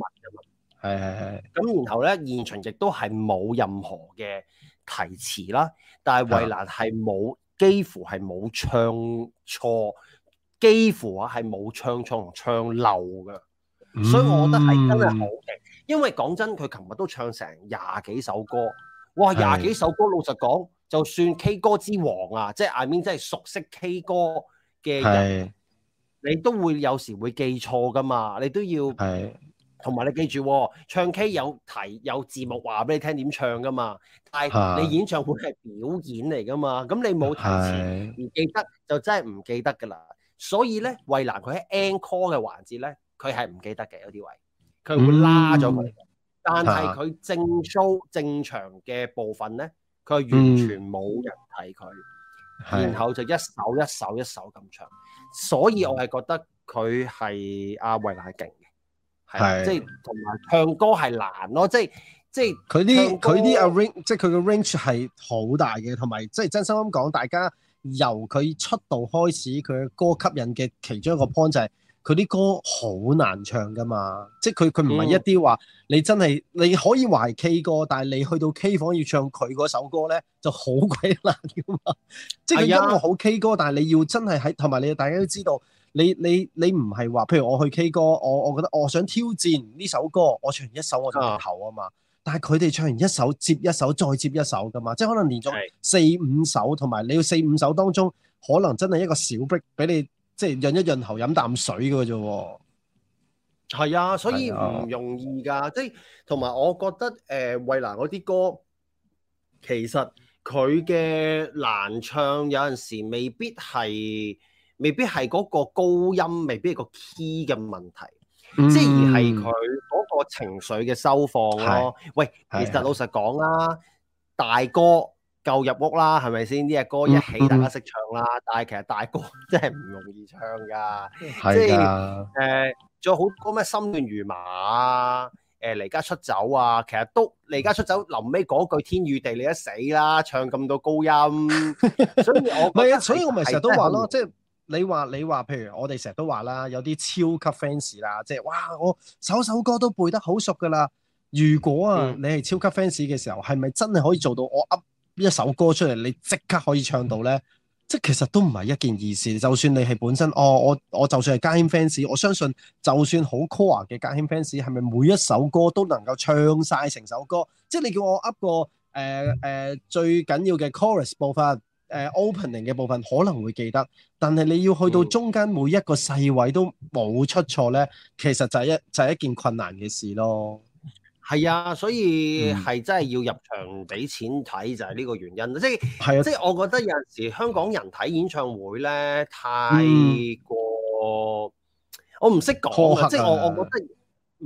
係係。咁然後咧，現場亦都係冇任何嘅提詞啦，但係衛蘭係冇，幾乎係冇唱錯，幾乎啊係冇唱錯同唱漏嘅。所以，我覺得係真係好勁、嗯，因為講真，佢琴日都唱成廿幾首歌，哇！廿幾首歌，老實講，就算 K 歌之王啊，即係 I mean，即係熟悉 K 歌嘅人，你都會有時會記錯噶嘛，你都要，同埋你記住、啊，唱 K 有提有字幕話俾你聽點唱噶嘛，但係你演唱會係表演嚟噶嘛，咁你冇提前唔記得，就真係唔記得噶啦。所以咧，衞蘭佢喺 Encore 嘅環節咧。佢係唔記得嘅有啲位，佢會拉咗佢。但係佢正 show 正場嘅部分咧，佢、嗯、係完全冇人睇。佢、嗯，然後就一首一首一首咁唱。所以我係覺得佢係阿維娜係勁嘅，係即係同埋唱歌係難咯，即係即係佢啲佢啲啊 range 即係佢嘅 range 係好大嘅，同埋即係真心咁講，大家由佢出道開始，佢嘅歌吸引嘅其中一個 point 就係、是。佢啲歌好難唱噶嘛，即係佢佢唔係一啲話你真係你可以懷 K 歌，但係你去到 K 房要唱佢嗰首歌咧就好鬼難噶嘛。即係音樂好 K 歌，但係你要真係喺同埋你大家都知道，你你你唔係話，譬如我去 K 歌，我我覺得我想挑戰呢首歌，我唱完一首我就唞啊嘛。啊但係佢哋唱完一首接一首再接一首噶嘛，即係可能連咗四五首，同埋你要四五首當中可能真係一個小 break 俾你。即係潤一潤喉飲啖水嘅啫喎，係啊，所以唔容易噶、啊。即係同埋我覺得誒衞蘭嗰啲歌，其實佢嘅難唱有陣時未必係未必係嗰個高音，未必係個 key 嘅問題，嗯、即係而係佢嗰個情緒嘅收放咯。喂，其實老實講啊，大哥。夠入屋啦，係咪先呢，隻歌一起，大家識唱啦。但係其實大歌真係唔容易唱噶，即係誒，仲有好多咩心亂如麻、誒離家出走啊。其實都離家出走，臨尾嗰句天與地你一死啦，唱咁多高音。所以，我唔係啊，所以我咪成日都話咯，即係你話你話，譬如我哋成日都話啦，有啲超級 fans 啦，即係哇，我首首歌都背得好熟噶啦。如果啊，你係超級 fans 嘅時候，係咪真係可以做到我噏？一首歌出嚟，你即刻可以唱到咧？即其實都唔係一件易事。就算你係本身哦，我我就算係家謙 fans，我相信就算好 core 嘅家謙 fans，係咪每一首歌都能夠唱晒成首歌？即係你叫我噏個、呃呃、最緊要嘅 chorus 部分、呃、opening 嘅部分，可能會記得。但係你要去到中間每一個細位都冇出錯咧、嗯，其實就係一就係、一件困難嘅事咯。係啊，所以係真係要入場俾錢睇就係呢個原因。即係即係，即係、我覺得有陣時香港人睇演唱會咧，太過我唔識講啊！即係我我覺得，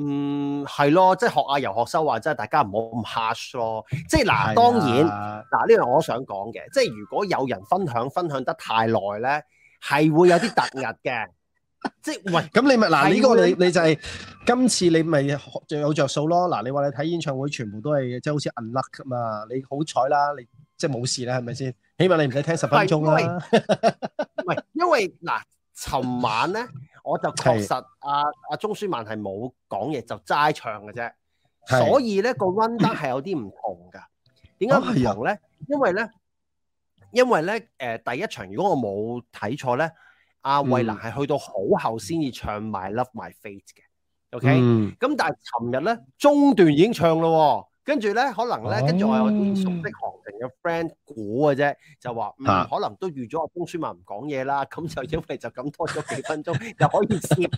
嗯係咯、啊即係啊，即係學下游學修話，即係大家唔好咁 harsh 咯。即係嗱，當然嗱呢樣我想講嘅，即係如果有人分享分享得太耐咧，係會有啲突兀嘅。 <laughs> 即係喂，咁你咪嗱呢個你你就係、是、今 <laughs> 次你咪就有着數咯。嗱，你話你睇演唱會全部都係即係好似 unluck 嘛，你好彩啦，你即係冇事啦，係咪先？起碼你唔使聽十分鐘啦。喂， <laughs> 喂，因為嗱，尋、呃、晚咧我就確實阿阿鍾舒漫係冇講嘢就齋唱嘅啫，所以咧個 unluck 係有啲唔同噶。點解唔同咧、哎？因為咧，因為咧，誒、呃，第一場如果我冇睇錯咧。阿衛蘭係去到好後先至唱埋 Love My Face 嘅，OK？咁但係尋日咧中段已經唱咯，跟住咧可能咧跟住我有啲熟悉行情嘅 friend 估嘅啫，就話嗯可能都預咗阿鐘舒文唔講嘢啦，咁就因為就咁拖咗幾分鐘，又可以接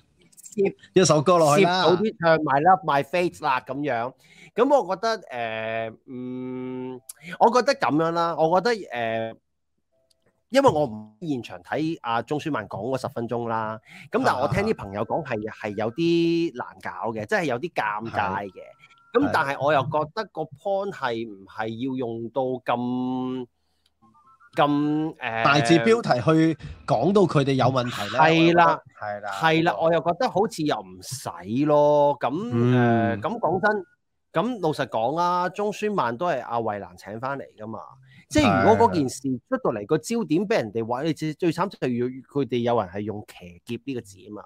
接一首歌落去啦，好啲唱埋 Love My Face 啦咁樣。咁我覺得誒，嗯，我覺得咁樣啦，我覺得誒。因為我唔現場睇阿鍾舒漫講嗰十分鐘啦，咁但係我聽啲朋友講係係有啲難搞嘅，即係有啲尷尬嘅。咁但係我又覺得個 point 係唔係要用到咁咁誒大字標題去講到佢哋有問題咧？係啦，係啦，係啦，我又覺得好似又唔使咯。咁誒咁講真，咁老實講啦、啊，鍾舒漫都係阿衛蘭請翻嚟噶嘛。即係如果嗰件事出到嚟，個焦點俾人哋話，你最最慘就係要佢哋有人係用騎劫呢個字啊嘛。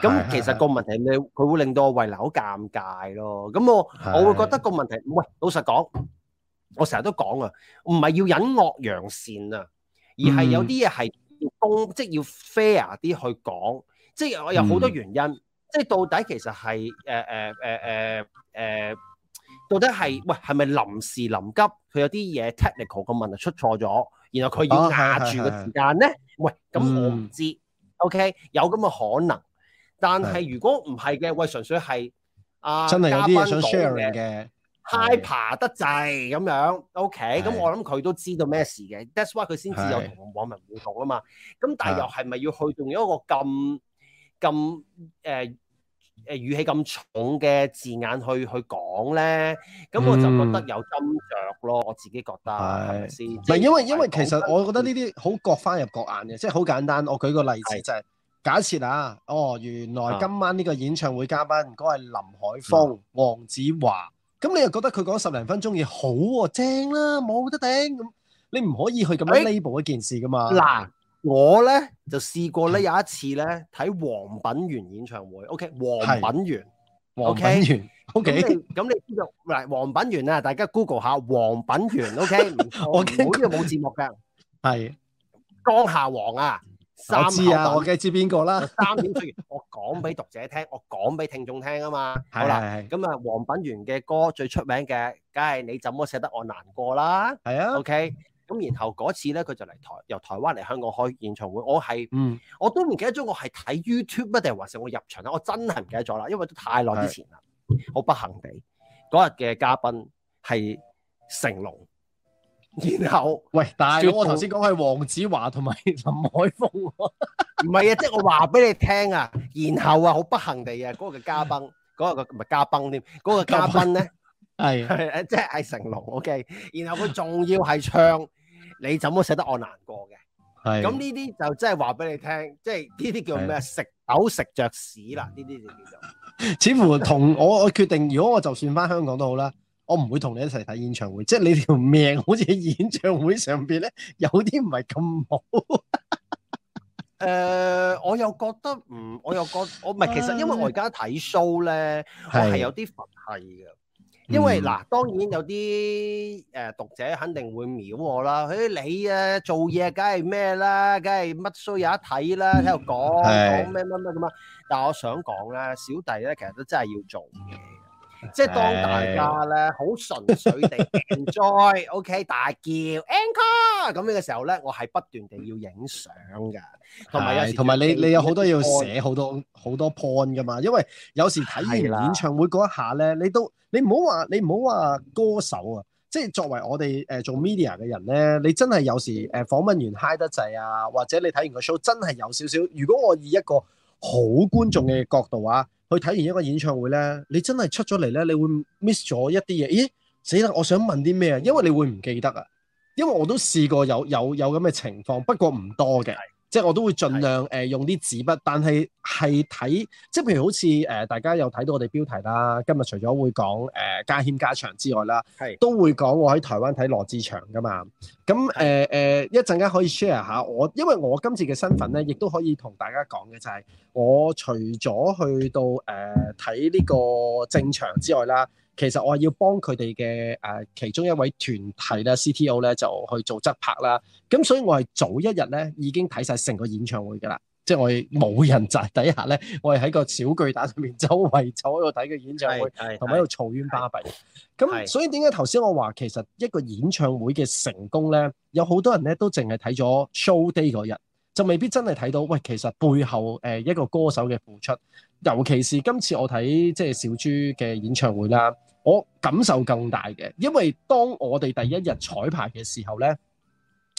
咁其實個問題，你佢會令到我為難好尷尬咯。咁我我會覺得個問題，喂，老實講，我成日都講啊，唔係要隱惡揚善啊，而係有啲嘢係要公，嗯、即係要 fair 啲去講。即係我有好多原因，嗯、即係到底其實係誒誒誒誒誒。呃呃呃呃到底係喂係咪臨時臨急佢有啲嘢 technical 嘅問題出錯咗，然後佢要壓住個時間咧、哦？喂，咁我唔知、嗯。OK，有咁嘅可能，但係如果唔係嘅，喂，純粹係啊，真係有啲嘢想 sharing 嘅，high 爬得滯咁樣。OK，咁我諗佢都知道咩事嘅。That's why 佢先至有同網民互動啊嘛。咁但係又係咪要去用一個咁咁誒？誒語氣咁重嘅字眼去去講咧，咁我就覺得有斟酌咯，我自己覺得先？唔、就是、因為因為其實我覺得呢啲好各花入各眼嘅，即係好簡單。我舉個例子就係，假設啊，哦原來今晚呢個演唱會嘉賓嗰係林海峰、黃子華，咁你又覺得佢講十零分鐘嘢好喎、啊，正啦、啊，冇得頂。你唔可以去咁樣 label 一件事噶嘛？嗱。我咧就試過咧有一次咧睇黃品源演唱會，OK？黃品源，黃品源，OK？咁你咁你知道嗱黃品源啊！大家 Google 下黃品源，OK？唔錯，我呢度冇字幕嘅，係江夏黃啊，我知啊，我梗係知邊個啦。三點出現，我講俾讀者聽，我講俾聽眾聽啊嘛。係係係。咁啊，黃品源嘅歌最出名嘅，梗係你怎麼捨得我難過啦。係啊，OK。咁然後嗰次咧，佢就嚟台由台灣嚟香港開演唱會。我係、嗯，我都唔記得咗，我係睇 YouTube 啊，定還是我入場啊？我真係唔記得咗啦，因為都太耐之前啦。好不幸地，嗰日嘅嘉賓係成龍。然後喂，大佬我頭先講係黃子華同埋林海峯，唔係啊，即係我話俾你聽啊。然後啊，好不幸地啊，嗰日嘅嘉賓，嗰日嘅唔係嘉賓添，嗰個嘉賓咧。 <laughs> 係，即係係成龍，OK。然後佢仲要係唱， <laughs> 你怎麼捨得我難過嘅？係。咁呢啲就即係話俾你聽，即係呢啲叫咩？食豆食着屎啦！呢啲就叫、是、做。 <laughs> 似乎同我我決定，如果我就算翻香港都好啦，我唔會同你一齊睇演唱會。即、就、係、是、你條命好似演唱會上邊咧，有啲唔係咁好。誒、 <laughs> 呃，我又覺得唔，我又覺得我唔係。其實因為我而家睇 show 咧，我係有啲佛系嘅。因為嗱、嗯，當然有啲誒讀者肯定會秒我啦、哎。你啊做嘢，梗係咩啦？梗係乜衰有得睇啦？喺度講講咩乜乜咁啊！但係我想講咧，小弟咧其實都真係要做嘅。即係當大家咧好純粹地 enjoy，OK、 <laughs> OK，大叫 anchor 咁樣嘅時候咧，我係不斷地要影相㗎，同埋同埋你有你，你有好多要寫好多好多 point 㗎嘛，因為有時睇完演唱會嗰一下咧，你都你唔好話你唔好話歌手啊，即係作為我哋誒做 media 嘅人咧，你真係有時誒訪問完 high 得滯啊，或者你睇完個 show 真係有少少，如果我以一個好觀眾嘅角度啊。嗯去睇完一個演唱會呢，你真係出咗嚟呢，你會 miss 咗一啲嘢。咦，死啦！我想問啲咩？因為你會唔記得啊？因為我都試過有有有咁嘅情況，不過唔多嘅。即係我都會盡量誒用啲紙筆，但係係睇即係譬如好似誒大家有睇到我哋標題啦，今日除咗會講誒、呃、家謙加場之外啦，係都會講我喺台灣睇羅志祥㗎嘛。咁誒誒一陣間可以 share 下我，因為我今次嘅身份咧，亦都可以同大家講嘅就係、是、我除咗去到誒睇呢個正場之外啦。其實我係要幫佢哋嘅誒其中一位團體啦、CTO 咧就去做執拍啦。咁所以我係早一日咧已經睇晒成個演唱會㗎啦。即係我冇人贊底下咧，我係喺個小巨蛋上面周圍走喺度睇嘅演唱會，同埋喺度嘈冤巴閉。咁所以點解頭先我話其實一個演唱會嘅成功咧，有好多人咧都淨係睇咗 show day 嗰日，就未必真係睇到。喂，其實背後誒一個歌手嘅付出，尤其是今次我睇即係小豬嘅演唱會啦。我感受更大嘅，因為當我哋第一日彩排嘅時候呢，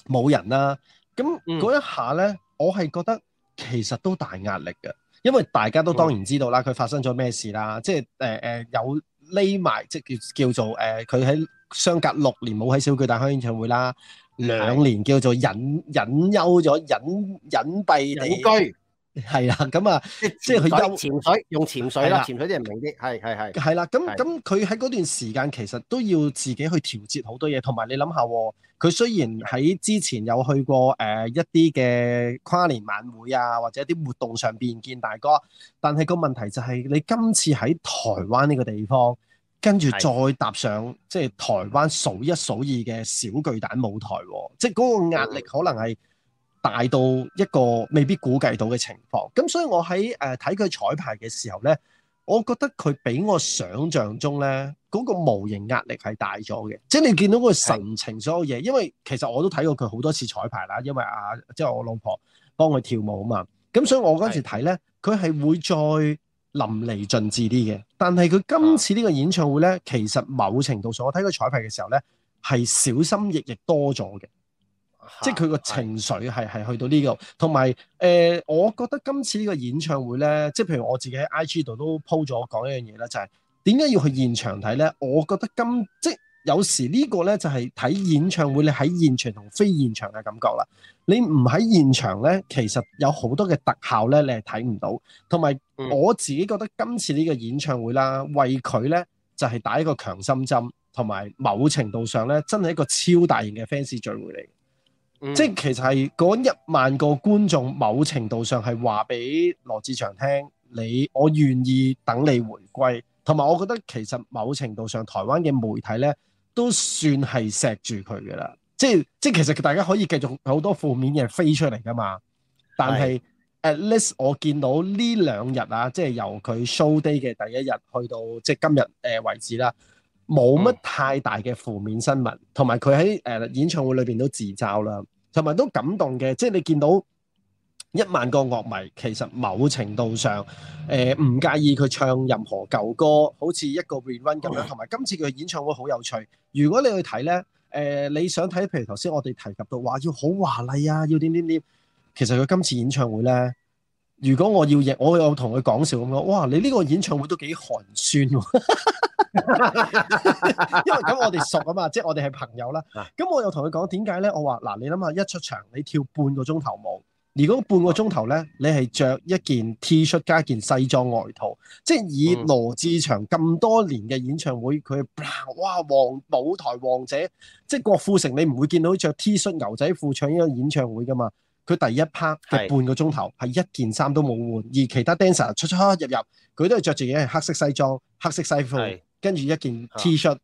冇人啦，咁嗰一下呢，我係覺得其實都大壓力嘅，因為大家都當然知道啦，佢發生咗咩事啦，即係誒誒有匿埋，即叫叫做誒，佢喺相隔六年冇喺小巨蛋開演唱會啦，兩年叫做隱隱憂咗隱隱蔽你居。係啦，咁啊，即係佢悠潛水用潛水，用潛水啦，啊、用潛水啲人明啲，係係係。係啦、啊，咁咁佢喺嗰段時間其實都要自己去調節好多嘢，同埋你諗下、啊，佢雖然喺之前有去過誒、呃、一啲嘅跨年晚會啊，或者啲活動上邊見大哥，但係個問題就係你今次喺台灣呢個地方，跟住再搭上即係、啊就是、台灣數一數二嘅小巨蛋舞台、啊，即係嗰個壓力可能係。是啊大到一個未必估計到嘅情況，咁所以我喺誒睇佢彩排嘅時候呢，我覺得佢比我想像中呢嗰個無形壓力係大咗嘅，即係你見到佢神情所有嘢。因為其實我都睇過佢好多次彩排啦，因為啊，即係我老婆幫佢跳舞啊嘛，咁所以我嗰陣時睇呢，佢係會再淋漓盡致啲嘅。但係佢今次呢個演唱會呢，嗯、其實某程度上我睇佢彩排嘅時候呢，係小心翼翼多咗嘅。即係佢個情緒係係去到呢度，同埋誒，我覺得今次呢個演唱會呢，即係譬如我自己喺 IG 度都 po 咗講一樣嘢啦，就係點解要去現場睇呢？我覺得今即係有時呢個呢，就係睇演唱會你喺現場同非現場嘅感覺啦。你唔喺現場呢，其實有好多嘅特效呢，你係睇唔到。同埋我自己覺得今次呢個演唱會啦，為佢呢，就係打一個強心針，同埋某程度上呢，真係一個超大型嘅 fans 聚會嚟。嗯、即係其實係嗰一萬個觀眾，某程度上係話俾羅志祥聽，你我願意等你回歸。同埋我覺得其實某程度上，台灣嘅媒體呢都算係錫住佢㗎啦。即係其實大家可以繼續好多負面嘢飛出嚟㗎嘛。但係 at least 我見到呢兩日啊，即係由佢 show day 嘅第一日去到即係今日誒為止啦。冇乜太大嘅負面新聞，同埋佢喺演唱會裏面都自嘲啦，同埋都感動嘅。即係你見到一萬個樂迷，其實某程度上呃、唔介意佢唱任何舊歌，好似一個 re-run 咁樣。同埋今次佢嘅演唱會好有趣。如果你去睇呢、呃，你想睇譬如頭先我哋提及到話要好華麗啊，要點點點。其實佢今次演唱會呢，如果我要影，我有同佢講笑咁講，哇！你呢個演唱會都幾寒酸喎。 <laughs> <laughs> 因為咁我哋熟啊嘛， <laughs> 即係我哋係朋友啦。咁 <laughs> 我又同佢講點解咧？我話嗱，你諗下，一出場你跳半個鐘頭舞，如果半個鐘頭咧，你係着一件 T 恤加件西裝外套，即係以羅志祥咁多年嘅演唱會，佢哇王舞台王者，即係郭富城，你唔會見到佢着 T 恤牛仔褲唱呢個演唱會噶嘛？佢第一 part 係半個鐘頭，係一件衫都冇換，而其他 dancer 出出入入，佢都係着住嘢，係黑色西裝、黑色西褲。跟住一件 T 恤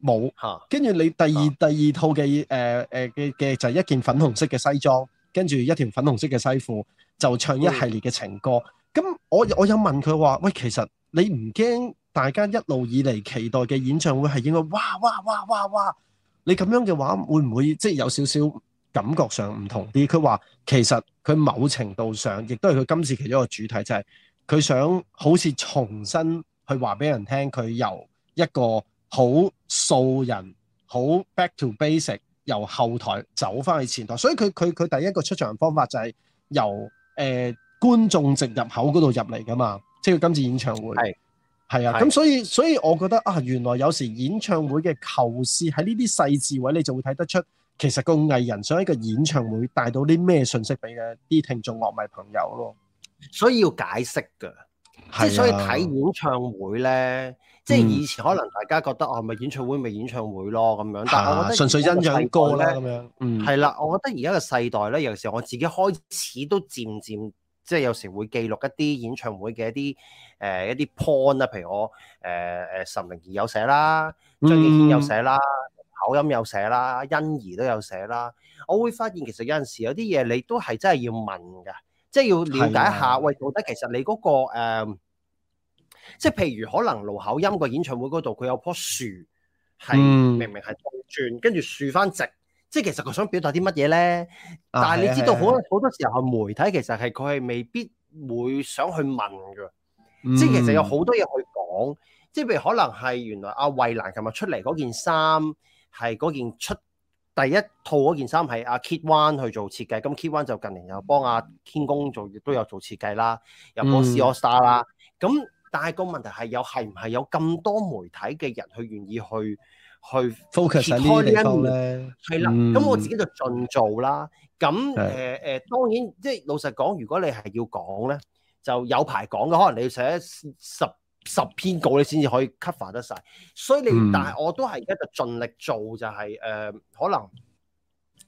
冇吓，跟住你第二第二套嘅誒誒嘅嘅就係、是、一件粉紅色嘅西裝，跟住一條粉紅色嘅西褲就唱一系列嘅情歌。咁、哎、我我有問佢話喂，其實你唔驚大家一路以嚟期待嘅演唱會係應該哇哇哇哇哇，你咁樣嘅話會唔會即係、就是、有少少感覺上唔同啲？佢話其實佢某程度上亦都係佢今次其中一個主題就係、是、佢想好似重新去話俾人聽佢由一個好素人，好 back to basic，由後台走翻去前台，所以佢佢佢第一個出場方法就係由誒、呃、觀眾席入口嗰度入嚟噶嘛，即係佢今次演唱會係係啊，咁所以所以我覺得啊，原來有時演唱會嘅構思喺呢啲細字位，你就會睇得出其實個藝人想喺個演唱會帶到啲咩信息俾嘅啲聽眾樂迷朋友咯，所以要解釋㗎。即所以睇演唱會咧、啊，即係以前可能大家覺得哦，咪、嗯啊就是、演唱會咪演唱會咯咁樣，但係我覺得、啊、純粹欣賞歌咧，係、嗯、啦、啊。我覺得而家嘅世代咧，有陣時我自己開始都漸漸，即係有時會記錄一啲演唱會嘅一啲誒、呃、一啲 point 啊，譬如我誒誒岑寧兒有寫啦，嗯、張敬軒有寫啦，口音有寫啦，欣宜都有寫啦。我會發現其實有陣時有啲嘢你都係真係要問㗎。即係要了解一下，喂，到底其實你嗰、那個誒、嗯，即係譬如可能盧巧音個演唱會嗰度，佢有棵樹係明明係倒轉，跟住豎翻直，即係其實佢想表達啲乜嘢咧？但係你知道好多好多時候媒體，其實係佢係未必會想去問噶、嗯，即係其實有好多嘢去講，即係譬如可能係原來阿衛蘭琴日出嚟嗰件衫係嗰件出。第一套嗰件衫係阿 Kid One 去做設計，咁 Kid One 就近年又幫阿 King 工做，亦都有做設計啦，又幫 C AllStar 啦、嗯。咁但係個問題係有係唔係有咁多媒體嘅人去願意去去 focus 開呢一面？係、嗯、啦，咁我自己就盡做啦。咁誒誒，當然即係老實講，如果你係要講咧，就有排講嘅，可能你要寫十十篇稿你先至可以 cover 得晒，所以你、嗯、但係我都係而家就盡力做就係、是、誒、呃、可能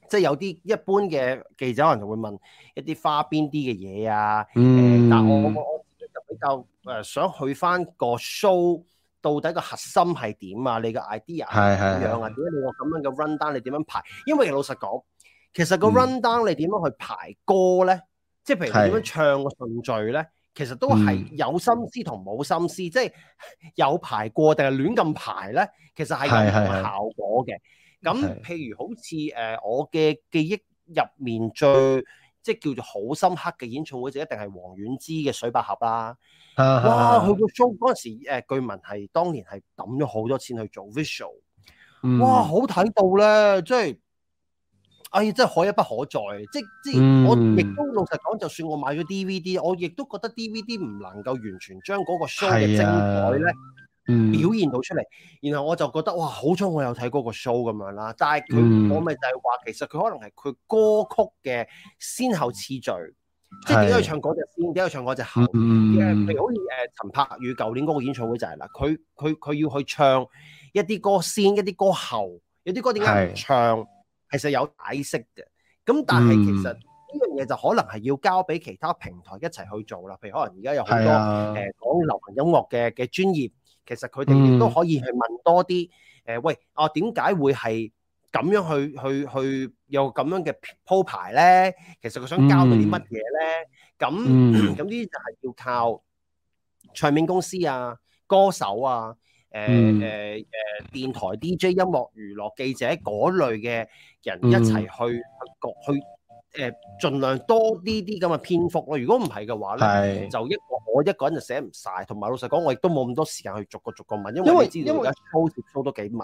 即係、就是、有啲一般嘅記者可能就會問一啲花邊啲嘅嘢啊，嗯、但係我我我就比較誒、呃、想去翻個 show 到底個核心係點啊？你個 idea 係係點樣啊？點解你個咁樣嘅 run down 你點樣排？因為老實講，其實個 run down 你點樣去排歌咧、嗯，即係譬如你點樣唱個順序咧？其實都係有心思同冇心思，嗯、即係有排過定係亂咁排咧。其實係有唔同效果嘅。咁譬如好似誒我嘅記憶入面最是是即係叫做好深刻嘅演唱會就一定係王菀之嘅水百合啦。是是是哇！佢個 show 嗰陣時誒據聞係當年係抌咗好多錢去做 visual、嗯、哇！好睇到咧，即係。哎呀真係可一不可再，即即我亦都、嗯、老實講，就算我買咗 DVD，我亦都覺得 DVD 唔能夠完全將嗰個 show 嘅精彩咧表現到出嚟。然後我就覺得哇，好彩我有睇嗰個 show 咁樣啦。但係佢我咪就係、是、話、嗯，其實佢可能係佢歌曲嘅先後次序，即點解要唱嗰隻先，點解要唱嗰隻後嘅？譬、嗯嗯、如好似誒陳柏宇舊年嗰個演唱會就係、是、啦，佢佢佢要去唱一啲歌先，一啲歌後，有啲歌點解唔唱？其實有解釋嘅，咁但係其實呢樣嘢就可能係要交俾其他平台一齊去做啦。譬如可能而家有好多誒講流行音樂嘅嘅專業，其實佢哋亦都可以去問多啲誒，喂，哦點解會係咁樣去去去有咁樣嘅鋪排咧？其實佢想交到啲乜嘢咧？咁咁呢啲就係要靠唱片公司啊、歌手啊。誒誒誒，電台 DJ 音樂娛樂記者嗰類嘅人，一齊去各去誒，儘量多啲啲咁嘅篇幅咯。如果唔係嘅話咧，就一個我一個人就寫唔晒。同埋老實講，我亦都冇咁多時間去逐個逐個問，因為你知道而家鋪接觸都幾密。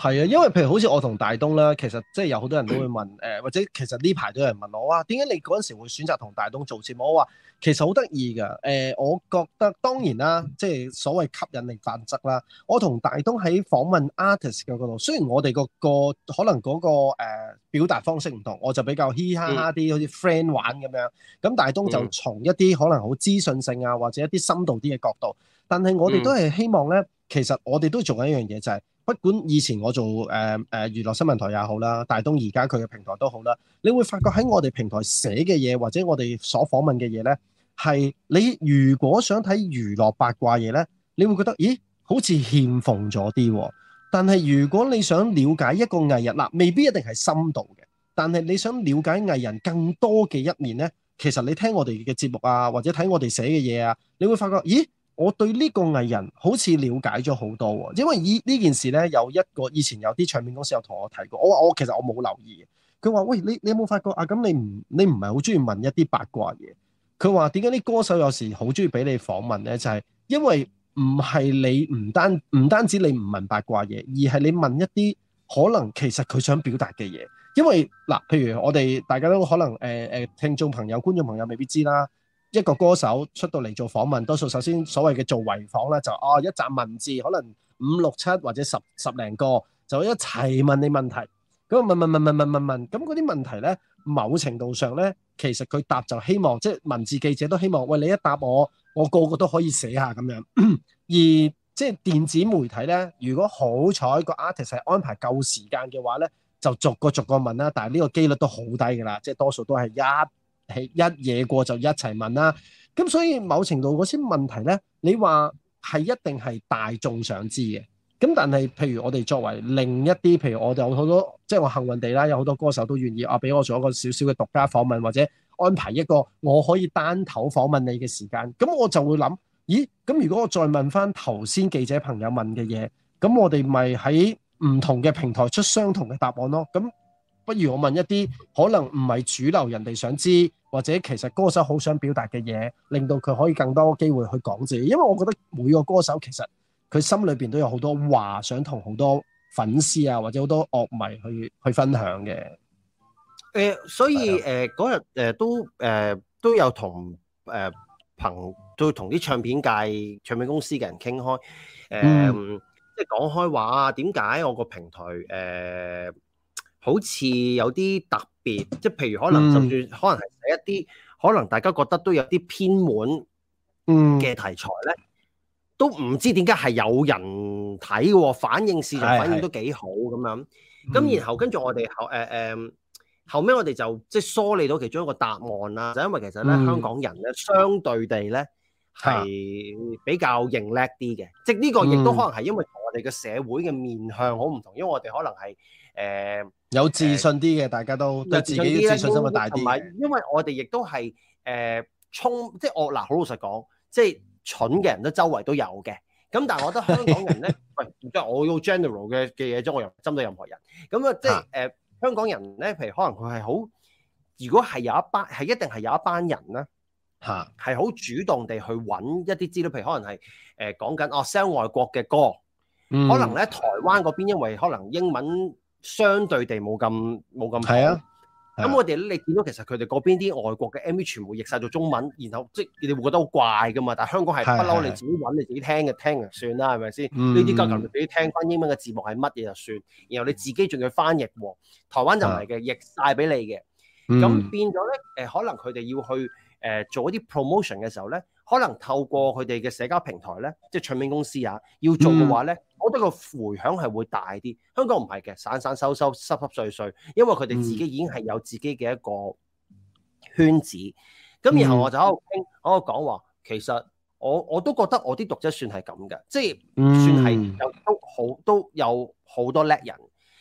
係啊，因為譬如好似我同大東啦，其實即係有好多人都會問、嗯、或者其實呢排都有人問我啊，點解你嗰陣時會選擇同大東做節目？我話其實好得意㗎，我覺得當然啦，即係所謂吸引力法則啦。我同大東喺訪問 artist 嘅嗰度，雖然我哋、個個可能嗰、個、呃、表達方式唔同，我就比較嘻嘻哈哈啲、嗯，好似 friend 玩咁樣，咁大東就從一啲可能好資訊性啊，或者一啲深度啲嘅角度，但係我哋都係希望咧、嗯，其實我哋都做緊一樣嘢就係、係。不管以前我做誒誒、呃呃、娛樂新聞台也好啦，大東而家佢嘅平台都好啦，你會發覺喺我哋平台寫嘅嘢或者我哋所訪問嘅嘢呢，係你如果想睇娛樂八卦嘢呢，你會覺得咦，好似欠奉咗啲。但係如果你想了解一個藝人啦，未必一定係深度嘅，但係你想了解藝人更多嘅一面呢，其實你聽我哋嘅節目啊，或者睇我哋寫嘅嘢啊，你會發覺咦～我對呢個藝人好似了解咗好多喎，因為以呢件事呢，有一個以前有啲唱片公司有同我提過，我話我其實我冇留意嘅。佢話：喂，你你有冇發覺啊？咁你唔你唔係好中意問一啲八卦嘢？佢話點解啲歌手有時好中意俾你訪問呢？就係因為唔係你唔單唔單止你唔問八卦嘢，而係你問一啲可能其實佢想表達嘅嘢。因為嗱，譬如我哋大家都可能誒誒、呃，聽眾朋友、觀眾朋友未必知啦。一個歌手出到嚟做訪問，多數首先所謂嘅做圍訪咧，就哦一集文字，可能五六七或者十十零個就一齊問你問題。咁問問問問問問問，咁嗰啲問題咧，某程度上咧，其實佢答就希望，即係文字記者都希望，喂，你一答我，我個個都可以寫下咁樣。而即係電子媒體咧，如果好彩個 artist 係安排夠時間嘅話咧，就逐個逐個問啦。但係呢個機率都好低㗎啦，即係多數都係一。一嘢過就一齊問啦，咁所以某程度嗰啲問題呢，你話係一定係大眾想知嘅，咁但係譬如我哋作為另一啲，譬如我哋有好多，即係我幸運地啦，有好多歌手都願意啊，俾我做一個少少嘅獨家訪問，或者安排一個我可以單頭訪問你嘅時間，咁我就會諗，咦，咁如果我再問翻頭先記者朋友問嘅嘢，咁我哋咪喺唔同嘅平台出相同嘅答案咯，咁。不如我問一啲可能唔係主流人哋想知，或者其實歌手好想表達嘅嘢，令到佢可以更多機會去講自己。因為我覺得每個歌手其實佢心裏邊都有好多話想同好多粉絲啊，或者好多樂迷去去分享嘅。誒、呃，所以誒嗰日誒都誒都有同誒朋，都同啲唱片界、唱片公司嘅人傾開。誒、呃，即、嗯、係講開話點解我個平台誒？呃好似有啲特別，即係譬如可能甚至可能係寫一啲、嗯、可能大家覺得都有啲偏門嘅題材咧、嗯，都唔知點解係有人睇喎，反應，市場反應都幾好咁樣。咁然後跟住我哋、嗯、後誒、呃、後尾我哋就即係梳理到其中一個答案啦，就是、因為其實咧、嗯、香港人咧相對地咧係比較認叻啲嘅，即係呢個亦都可能係因為我哋嘅社會嘅面向好唔同、嗯，因為我哋可能係。誒、嗯、有自信啲嘅，大家都對自己啲自信心嘅大啲。唔係，因為我哋亦都係誒衝，即係我嗱好、呃、老實講，即係蠢嘅人都周圍都有嘅。咁但係我覺得香港人咧，喂、哎，即係我用 general 嘅嘅嘢，即我又針對任何人。咁啊，即係誒香港人咧，譬如可能佢係好，如果係有一班係一定係有一班人咧，嚇係好主動地去揾一啲資料，譬如可能係誒講緊哦 sell 外國嘅歌，可能咧台灣嗰邊因為可能英文。嗯相對地冇咁冇咁，係啊。咁、啊、我哋咧，你見到其實佢哋嗰邊啲外國嘅 MV 全部譯晒做中文，然後即係你會覺得好怪噶嘛。但係香港係不嬲，你自己搵你自己聽嘅聽啊算啦，係咪先？呢啲歌詞你俾你聽翻英文嘅字幕係乜嘢就算，然後你自己仲要翻譯。台灣就唔係嘅，譯晒俾你嘅，咁、嗯、變咗咧，誒、呃，可能佢哋要去誒、呃、做一啲 promotion 嘅時候咧。可能透過佢哋嘅社交平台咧，即係唱片公司啊，要做嘅話咧、嗯，我覺得個回響係會大啲。香港唔係嘅，散散收收，濕濕碎碎，因為佢哋自己已經係有自己嘅一個圈子。咁、嗯、然後我就喺度傾，喺度講話，其實我我都覺得我啲讀者算係咁嘅，即係算係有、嗯、都好都有好多叻人。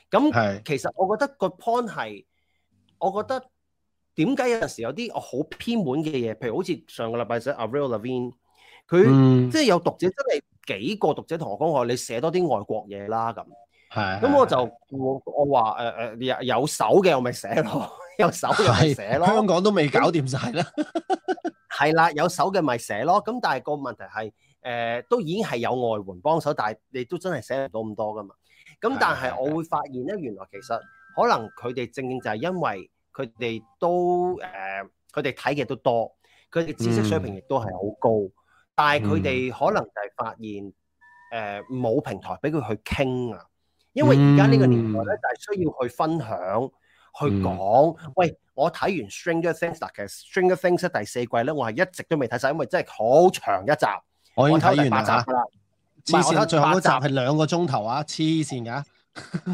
咁其實我覺得個 point 係，我覺得。點解有陣時有啲好偏門嘅嘢，譬如好似上個禮拜寫《Ariel Levine》，嗯，佢即係有讀者真係幾個讀者同我講，我你寫多啲外國嘢啦咁。係，咁、嗯、我就我我話誒誒有手嘅我咪寫咯，有手又咪寫咯。香港都未搞掂晒啦。係啦，有手嘅咪寫咯。咁但係個問題係誒、呃，都已經係有外援幫手，但係你都真係寫唔到咁多㗎嘛。咁但係我會發現咧，原來其實可能佢哋正正就係因為。佢哋都誒，佢哋睇嘅都多，佢哋嘅知識水平亦都係好高，嗯、但係佢哋可能就係發現誒冇、呃、平台俾佢去傾啊，因為而家呢個年代咧、嗯、就係、是、需要去分享、去講。嗯、喂，我睇完《Stranger Things》其實《Stranger Things》第四季咧，我係一直都未睇晒，因為真係好長一集。我已經睇完八集啦，唔係我睇最好一集係兩個鐘頭啊，黐線㗎！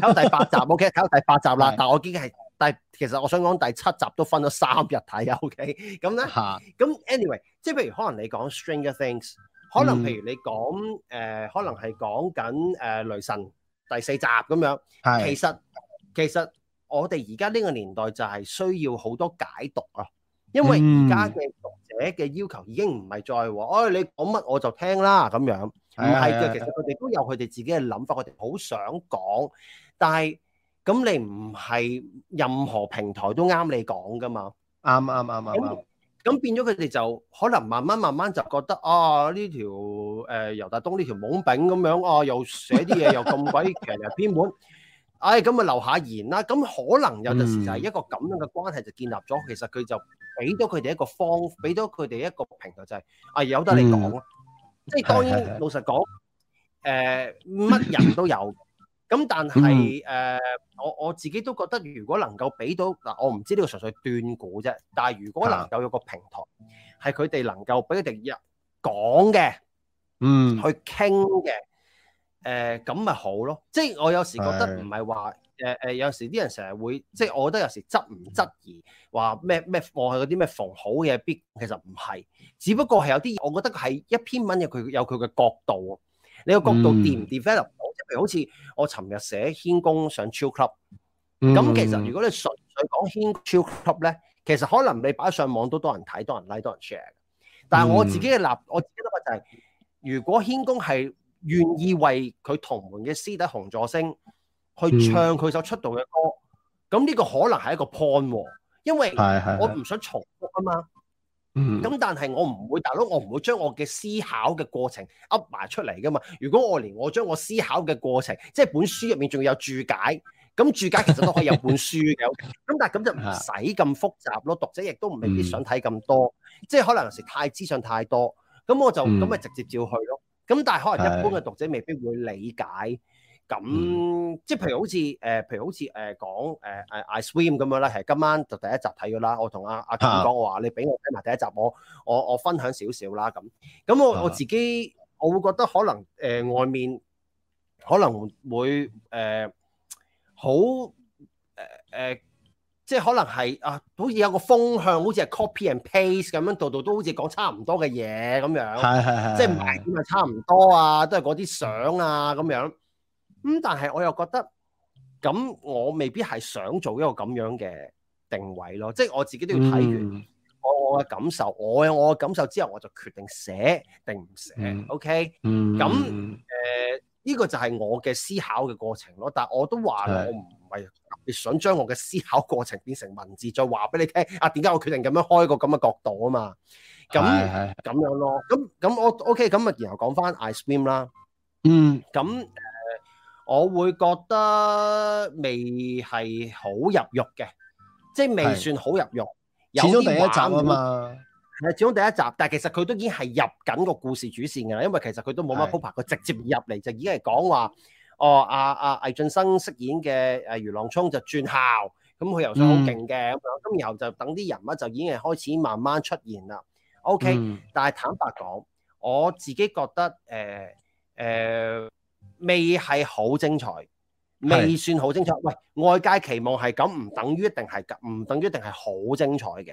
睇到第八集，OK，睇到第八集啦、啊啊 <laughs> okay,，但係我已經係。但係，其實我想講第七集都分咗三日睇啊，OK？咁咧，咁 <laughs> anyway，即係譬如可能你講《Stranger Things》，可能譬如你講誒、嗯呃，可能係講緊誒雷神第四集咁樣。係。其實其實我哋而家呢個年代就係需要好多解讀啊，因為而家嘅讀者嘅要求已經唔係再話、嗯哎，你講乜我就聽啦咁樣。係。係嘅，其實佢哋都有佢哋自己嘅諗法，佢哋好想講，但係。咁你唔係任何平台都啱你講噶嘛？啱啱啱啱。咁變咗佢哋就可能慢慢慢慢就覺得啊，呢條誒尤達東呢條懵餅咁樣啊，又寫啲嘢又咁鬼強人編本。哎，咁咪留下言啦。咁可能有陣時就係一個咁樣嘅關係就建立咗，其實佢就俾到佢哋一個方，俾到佢哋一個平台就係啊由得你講咯。即係當然，老實講，誒乜人都有。咁但係誒、嗯呃，我我自己都覺得，如果能夠俾到嗱，我唔知呢個純粹斷估啫。但係如果能夠有一個平台，係佢哋能夠俾佢哋入講嘅，嗯，去傾嘅，誒咁咪好咯。即係我有時覺得唔係話誒誒，有時啲人成日會，即係我覺得有時質唔質疑話咩咩放係嗰啲咩逢好嘢，必，其實唔係，只不過係有啲，我覺得係一篇文有佢有佢嘅角度。你個角度 develop 唔、嗯、即係譬如好似我尋日寫軒公上超 club 咁，其實如果你純粹講軒超 club 咧，其實可能你擺上網都多人睇、多人拉、like、多人 share。但係我自己嘅立，我自己諗法就係、是，如果軒公係願意為佢同門嘅師弟洪助星去唱佢首出道嘅歌，咁、嗯、呢個可能係一個 point 喎、啊，因為我唔想重複啊嘛。嗯嗯。咁、嗯、但係我唔會，大佬我唔會將我嘅思考嘅過程噏埋出嚟噶嘛。如果我連我將我思考嘅過程，即係本書入面仲有注解，咁注解其實都可以有本書嘅。咁 <laughs> 但係咁就唔使咁複雜咯。讀者亦都未必想睇咁多，嗯、即係可能有時太資訊太多。咁我就咁咪、嗯、直接照去咯。咁但係可能一般嘅讀者未必會理解。咁即係譬如好似誒、呃，譬如好似誒講誒誒 I swim 咁樣啦，係今晚就第一集睇咗啦。我同阿阿娟講，我話你俾我睇埋第一集，我我我分享少少啦。咁咁我我自己，我會覺得可能誒、呃、外面可能會誒好誒誒，即係可能係啊，呃、好似有個風向，好似係 copy and paste 咁樣，度度都好似講差唔多嘅嘢咁樣。係係係，即係賣點係差唔多啊，都係嗰啲相啊咁樣。咁但係我又覺得，咁我未必係想做一個咁樣嘅定位咯，即係我自己都要睇完、嗯、我嘅感受，我有我嘅感受之後，我就決定寫定唔寫。嗯、OK，咁誒呢個就係我嘅思考嘅過程咯。但係我都話我唔係特別想將我嘅思考過程變成文字再話俾你聽。啊，點解我決定咁樣開個咁嘅角度啊嘛？咁咁樣咯。咁咁我 OK，咁啊然後講翻 I SWIM 啦。嗯，咁。我會覺得未係好入肉嘅，即係未算好入肉。始終第一集啊嘛，係始終第一集，但係其實佢都已經係入緊個故事主線㗎啦。因為其實佢都冇乜鋪排，佢直接入嚟就已經係講話哦，阿、啊、阿、啊、魏俊生飾演嘅誒魚浪衝就轉校，咁佢游水好勁嘅咁咁然後就等啲人物就已經係開始慢慢出現啦。OK、嗯、但係坦白講，我自己覺得誒誒。呃呃未係好精彩，未算好精彩。喂，外界期望係咁，唔等於一定係咁，唔等於一定係好精彩嘅。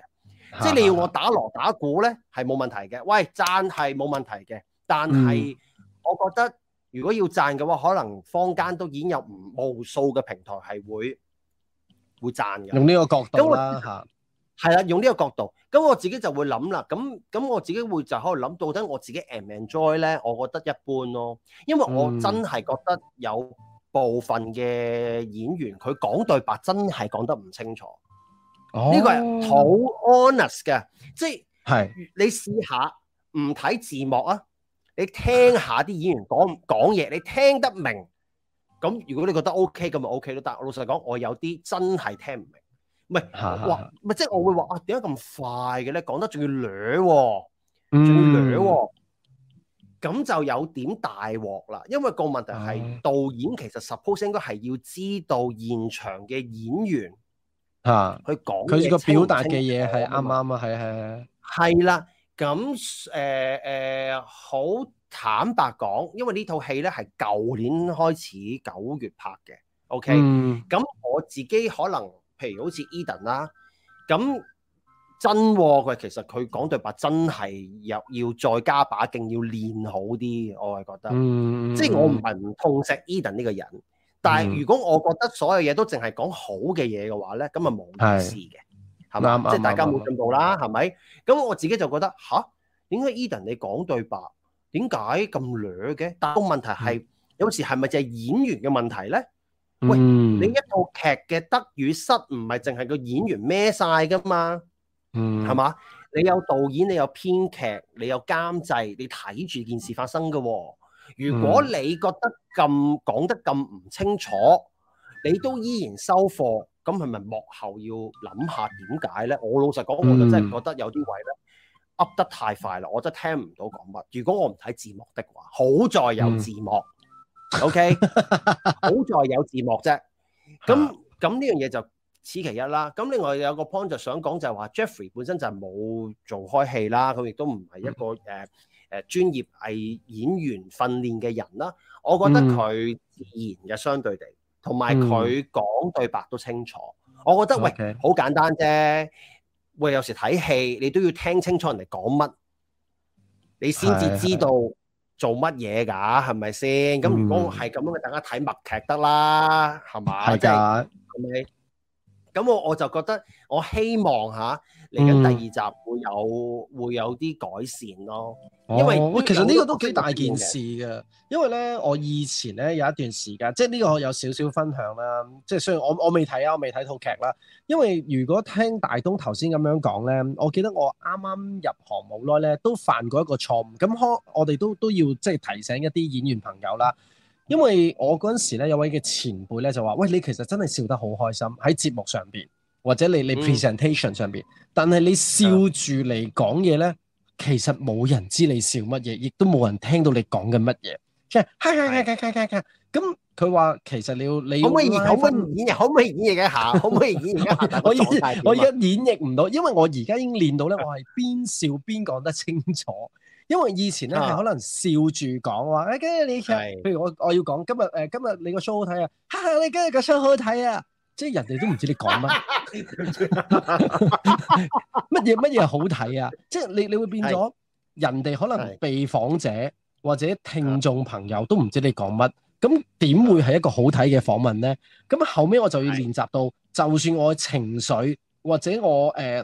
即係你要我打鑼打鼓咧，係冇問題嘅。喂，讚係冇問題嘅，但係我覺得如果要讚嘅話，嗯、可能坊間都已經有無數嘅平台係會會讚嘅。用呢個角度係啦，用呢個角度，咁我自己就會諗啦。咁咁我自己會就喺度諗，到底我自己唔 enjoy 咧，我覺得一般咯。因為我真係覺得有部分嘅演員佢、嗯、講對白真係講得唔清楚。呢、哦、呢個係好 honest 嘅，即、就、係、係、你試下唔睇字幕啊，你聽下啲演員講講嘢，你聽得明。咁如果你覺得 OK，咁咪 OK 咯。但係我老實講，我有啲真係聽唔明。唔係，即係、啊，就是、我會話啊，點解咁快嘅咧？講得仲要捋、啊，仲要捋、啊、咁、嗯、就有點大鑊啦。因為個問題係、嗯、導演其實十 percent 應該係要知道現場嘅演員吓、啊，去講佢個表達嘅嘢係啱唔啱啊？係係係係啦。咁誒誒，好、呃呃、坦白講，因為戲呢套戲咧係舊年開始九月拍嘅。OK，咁、嗯、我自己可能。譬如好似 Eden 啦，咁真佢其實佢講對白真係又要再加把勁，要練好啲，我係覺得。嗯、即係我唔係唔痛錫 Eden 呢個人，嗯、但係如果我覺得所有嘢都淨係講好嘅嘢嘅話咧，咁啊冇意思嘅，係咪？對對對，即係大家冇進步啦，係咪？咁我自己就覺得吓？點解 Eden 你講對白點解咁㖏嘅？但個問題係，有時係咪就係演員嘅問題咧？喂，你一套劇嘅得與失唔係淨係個演員孭晒㗎嘛？嗯，係嘛？你有導演，你有編劇，你有監製，你睇住件事發生㗎喎、哦。如果你覺得咁講得咁唔清楚，你都依然收貨，咁係咪幕後要諗下點解咧？我老實講，我就真係覺得有啲位咧噏得太快啦，我真係聽唔到講乜。如果我唔睇字幕的話，好在有字幕。嗯 O、okay? K， <laughs> 好在有字幕啫。咁咁呢樣嘢就此其一啦。咁另外有個 point 就想講就係話，Jeffrey 本身就冇做開戲啦，咁亦都唔係一個誒誒、嗯呃、專業係演員訓練嘅人啦。我覺得佢自然嘅相對地，同埋佢講對白都清楚。嗯、我覺得喂，好、okay. 簡單啫。喂，有時睇戲你都要聽清楚人哋講乜，你先至知道。做乜嘢㗎？係咪先？咁、嗯、如果係咁樣嘅，大家睇默劇得啦，係嘛？即係咪？咁我我就覺得，我希望吓。嚟緊第二集會有、嗯、會有啲改善咯、哦，因為其實呢個都幾大件事嘅、嗯。因為咧，我以前咧有一段時間，即係呢個有少少分享啦。即係雖然我我未睇啊，我未睇套劇啦。因為如果聽大東頭先咁樣講咧，我記得我啱啱入行冇耐咧，都犯過一個錯誤。咁可我哋都都要即係提醒一啲演員朋友啦。因為我嗰陣時咧，有位嘅前輩咧就話：喂，你其實真係笑得好開心喺節目上邊。或者你你 presentation 上邊，但係你笑住嚟講嘢咧，其實冇人知你笑乜嘢，亦都冇人聽到你講緊乜嘢，即係，咁佢話其實你要，可唔可以可唔可以演繹？可唔可以演繹一下？可唔可以演繹一下？我依我依家演繹唔到，因為我而家已經練到咧，我係邊笑邊講得清楚。因為以前咧係可能笑住講，話啊跟住你其實，譬如我我要講今日誒今日你個 show 好睇啊，吓你今日個 show 好睇啊！即係人哋都唔知你講乜，乜嘢乜嘢好睇啊！即係你你會變咗，人哋可能被訪者或者聽眾朋友都唔知你講乜，咁點會係一個好睇嘅訪問呢？咁後尾我就要練習到，就算我嘅情緒或者我誒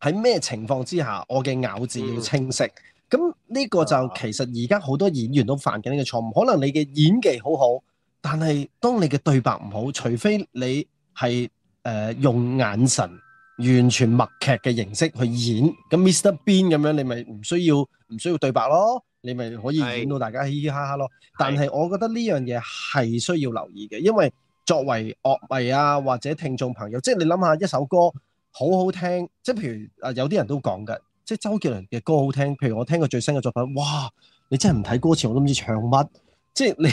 喺咩情況之下，我嘅咬字要清晰。咁呢個就其實而家好多演員都犯緊呢個錯誤，可能你嘅演技好好。但係，當你嘅對白唔好，除非你係、呃、用眼神完全默劇嘅形式去演，咁 Mr. Bean 咁樣，你咪唔需要唔需要對白咯，你咪可以演到大家嘻嘻哈哈咯。但係，我覺得呢樣嘢係需要留意嘅，因為作為樂迷啊或者聽眾朋友，即係你諗下一首歌好好聽，即係譬如啊有啲人都講嘅，即係周杰倫嘅歌好聽。譬如我聽過最新嘅作品，哇！你真係唔睇歌詞我都唔知唱乜。即係你，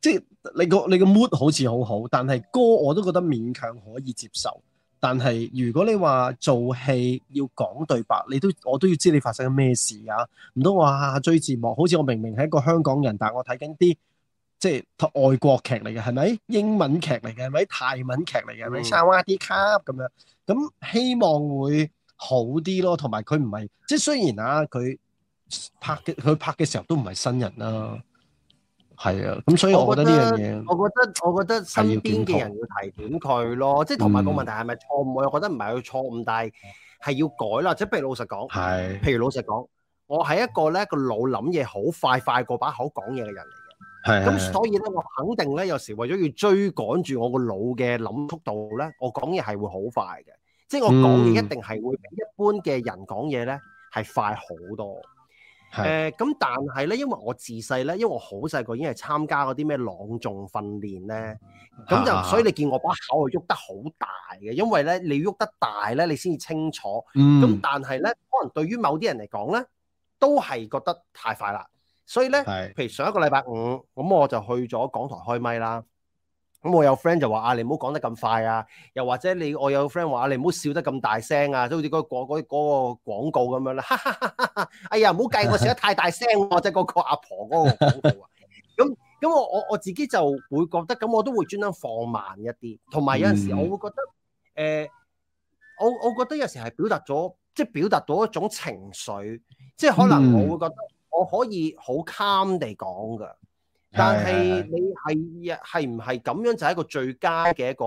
即係你個你個 mood 好似好好，但係歌我都覺得勉強可以接受。但係如果你話做戲要講對白，你都我都要知你發生咩事啊？唔通我下下追字幕？好似我明明係一個香港人，但我睇緊啲即係外國劇嚟嘅，係咪英文劇嚟嘅，係咪泰文劇嚟嘅，係、嗯、係咪《沙瓦迪卡》咁樣？咁希望會好啲咯。同埋佢唔係即係雖然啊，佢拍嘅佢拍嘅時候都唔係新人啦。係啊，咁所以我覺得呢樣嘢，我覺得我覺得身邊嘅人要提點佢咯，即係同埋個問題係咪錯誤？我又覺得唔係佢錯誤，但係係要改啦。即係譬如老實講，譬如老實講，我係一個咧個腦諗嘢好快，快過把口講嘢嘅人嚟嘅。係，係。咁所以咧，我肯定咧，有時為咗要追趕住我個腦嘅諗速度咧，我講嘢係會好快嘅。即係我講嘢一定係會比一般嘅人講嘢咧係快好多。誒咁、呃，但係咧，因為我自細咧，因為我好細個已經係參加嗰啲咩朗誦訓練咧，咁就所以你見我把口係喐得好大嘅，因為咧你喐得大咧，你先至清楚。咁、嗯、但係咧，可能對於某啲人嚟講咧，都係覺得太快啦。所以咧，譬如上一個禮拜五，咁我就去咗港台開咪啦。咁我有 friend 就話啊，你唔好講得咁快啊，又或者你我有 friend 話啊，你唔好笑得咁大聲啊，即好似嗰個嗰嗰個廣告咁樣啦。哎呀，唔好計，我笑得太大聲，啊，我係嗰個阿婆嗰個廣告啊。咁咁我我我自己就會覺得，咁我都會專登放慢一啲，同埋有陣時我會覺得，誒、嗯欸，我我覺得有時係表達咗，即係表達到一種情緒，即係可能我會覺得我可以好 calm 地講噶但係你係係唔係咁樣就係一個最佳嘅一個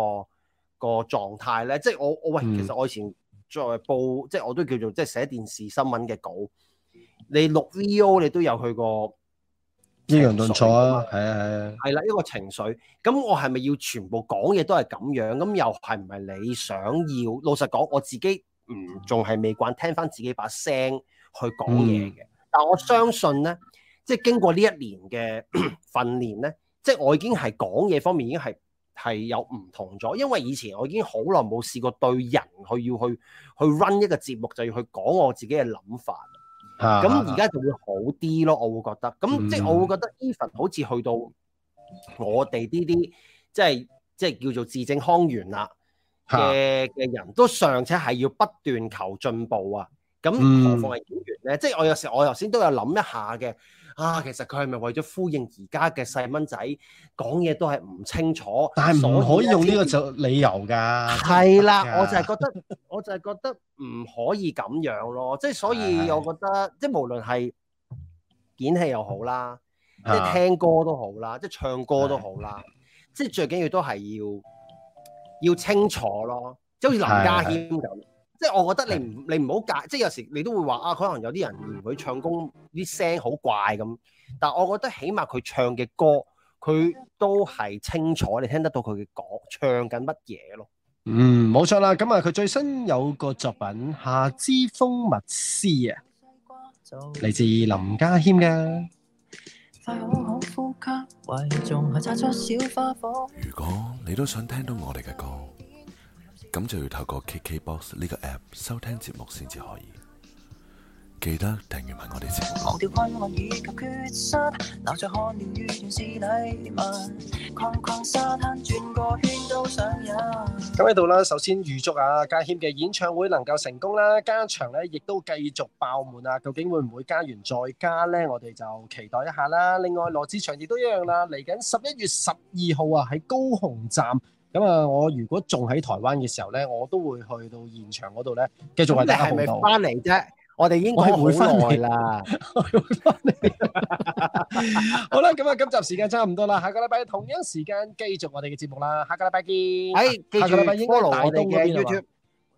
一個狀態咧？即係我我喂，其實我以前在報，嗯、即係我都叫做即係寫電視新聞嘅稿，你錄 V.O. 你都有去過，抑揚頓挫啊，係係啊，係啦、啊，一、啊啊這個情緒。咁我係咪要全部講嘢都係咁樣？咁又係唔係你想要？老實講，我自己唔仲係未慣聽翻自己把聲去講嘢嘅。但我相信咧。即係經過呢一年嘅 <coughs> 訓練呢，即係我已經係講嘢方面已經係係有唔同咗，因為以前我已經好耐冇試過對人去要去去 run 一個節目，就要去講我自己嘅諗法。咁而家就會好啲咯，我會覺得。咁、啊、即係我會覺得，Even、嗯、好似去到我哋呢啲即係即係叫做自正康源啦嘅嘅人都尚且係要不斷求進步啊。咁何況係演員呢？嗯、即係我有時我頭先都有諗一下嘅。啊，其實佢係咪為咗呼應而家嘅細蚊仔講嘢都係唔清楚？但係唔可以用呢個做理由㗎。係啦，我就係覺得， <laughs> 我就係覺得唔可以咁樣咯。即係所以，我覺得是即係無論係演戲又好啦，即係聽歌都好啦，即係唱歌都好啦，即係最緊要都係要要清楚咯。即係好似林家謙咁。是的是的。即係我覺得你唔你唔好解，即係有時你都會話啊，可能有啲人嫌佢唱功啲聲好怪咁，但係我覺得起碼佢唱嘅歌佢都係清楚，你聽得到佢嘅歌唱緊乜嘢咯。嗯，冇錯啦。咁啊，佢最新有個作品《夏之風物詩》啊，嚟自林家謙㗎。如果你都想聽到我哋嘅歌。咁就要透過 KKBOX 呢個 app 收聽節目先至可以，記得訂閱埋我哋節目。咁喺度啦，首先預祝阿家謙嘅演唱會能夠成功啦，加場呢亦都繼續爆滿啊！究竟會唔會加完再加呢？我哋就期待一下啦。另外，羅志祥亦都一樣啦，嚟緊十一月十二號啊，喺高雄站。咁啊，我如果仲喺台灣嘅時候咧，我都會去到現場嗰度咧，繼續話大家。你係咪翻嚟啫？我哋應該會翻嚟啦。好啦，咁啊，今集時間差唔多啦，下個禮拜同樣時間繼續我哋嘅節目啦，下個禮拜見。喺下個禮拜應該帶到嘅 YouTube。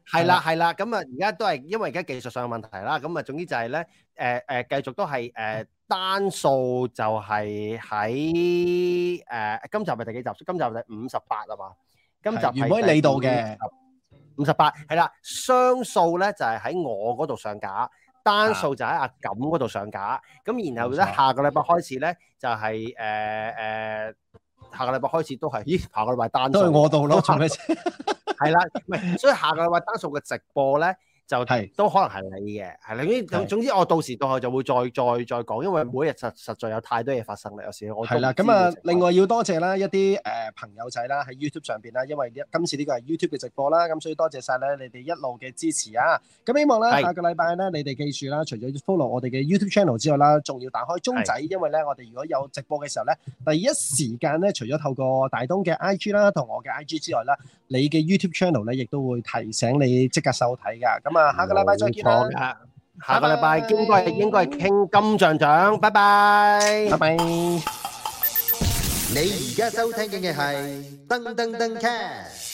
係啦係啦，咁啊，而家都係因為而家技術上嘅問題啦，咁啊，總之就係咧，誒誒，繼續都係誒。單數就係喺誒，今集咪第幾集？今集係五十八啊嘛，今集唔係你度嘅五十八係啦。雙數咧就係、是、喺我嗰度上架，單數就喺阿錦嗰度上架。咁、啊、然後咧下個禮拜開始咧就係誒誒下個禮拜開始都係咦下個禮拜單數都係我度咯，係啦，唔係所以下個禮拜單數嘅直播咧。就係都可能係你嘅，係啦，總之總之我到時到候就會再再再講，因為每日實實在有太多嘢發生啦，有時我係啦，咁啊，另外要多謝啦一啲誒、呃、朋友仔啦喺 YouTube 上邊啦，因為今次呢個係 YouTube 嘅直播啦，咁所以多謝晒咧你哋一路嘅支持啊，咁希望咧下個禮拜咧你哋記住啦，除咗 follow 我哋嘅 YouTube channel 之外啦，仲要打開鐘仔，因為咧我哋如果有直播嘅時候咧，第一時間咧除咗透過大東嘅 IG 啦同我嘅 IG 之外啦，你嘅 YouTube channel 咧亦都會提醒你即刻收睇㗎，咁啊，下個禮拜再見啦！下個禮拜應該應該係傾金像獎，拜拜，拜拜。你而家收聽嘅係《噔噔噔 Cash》。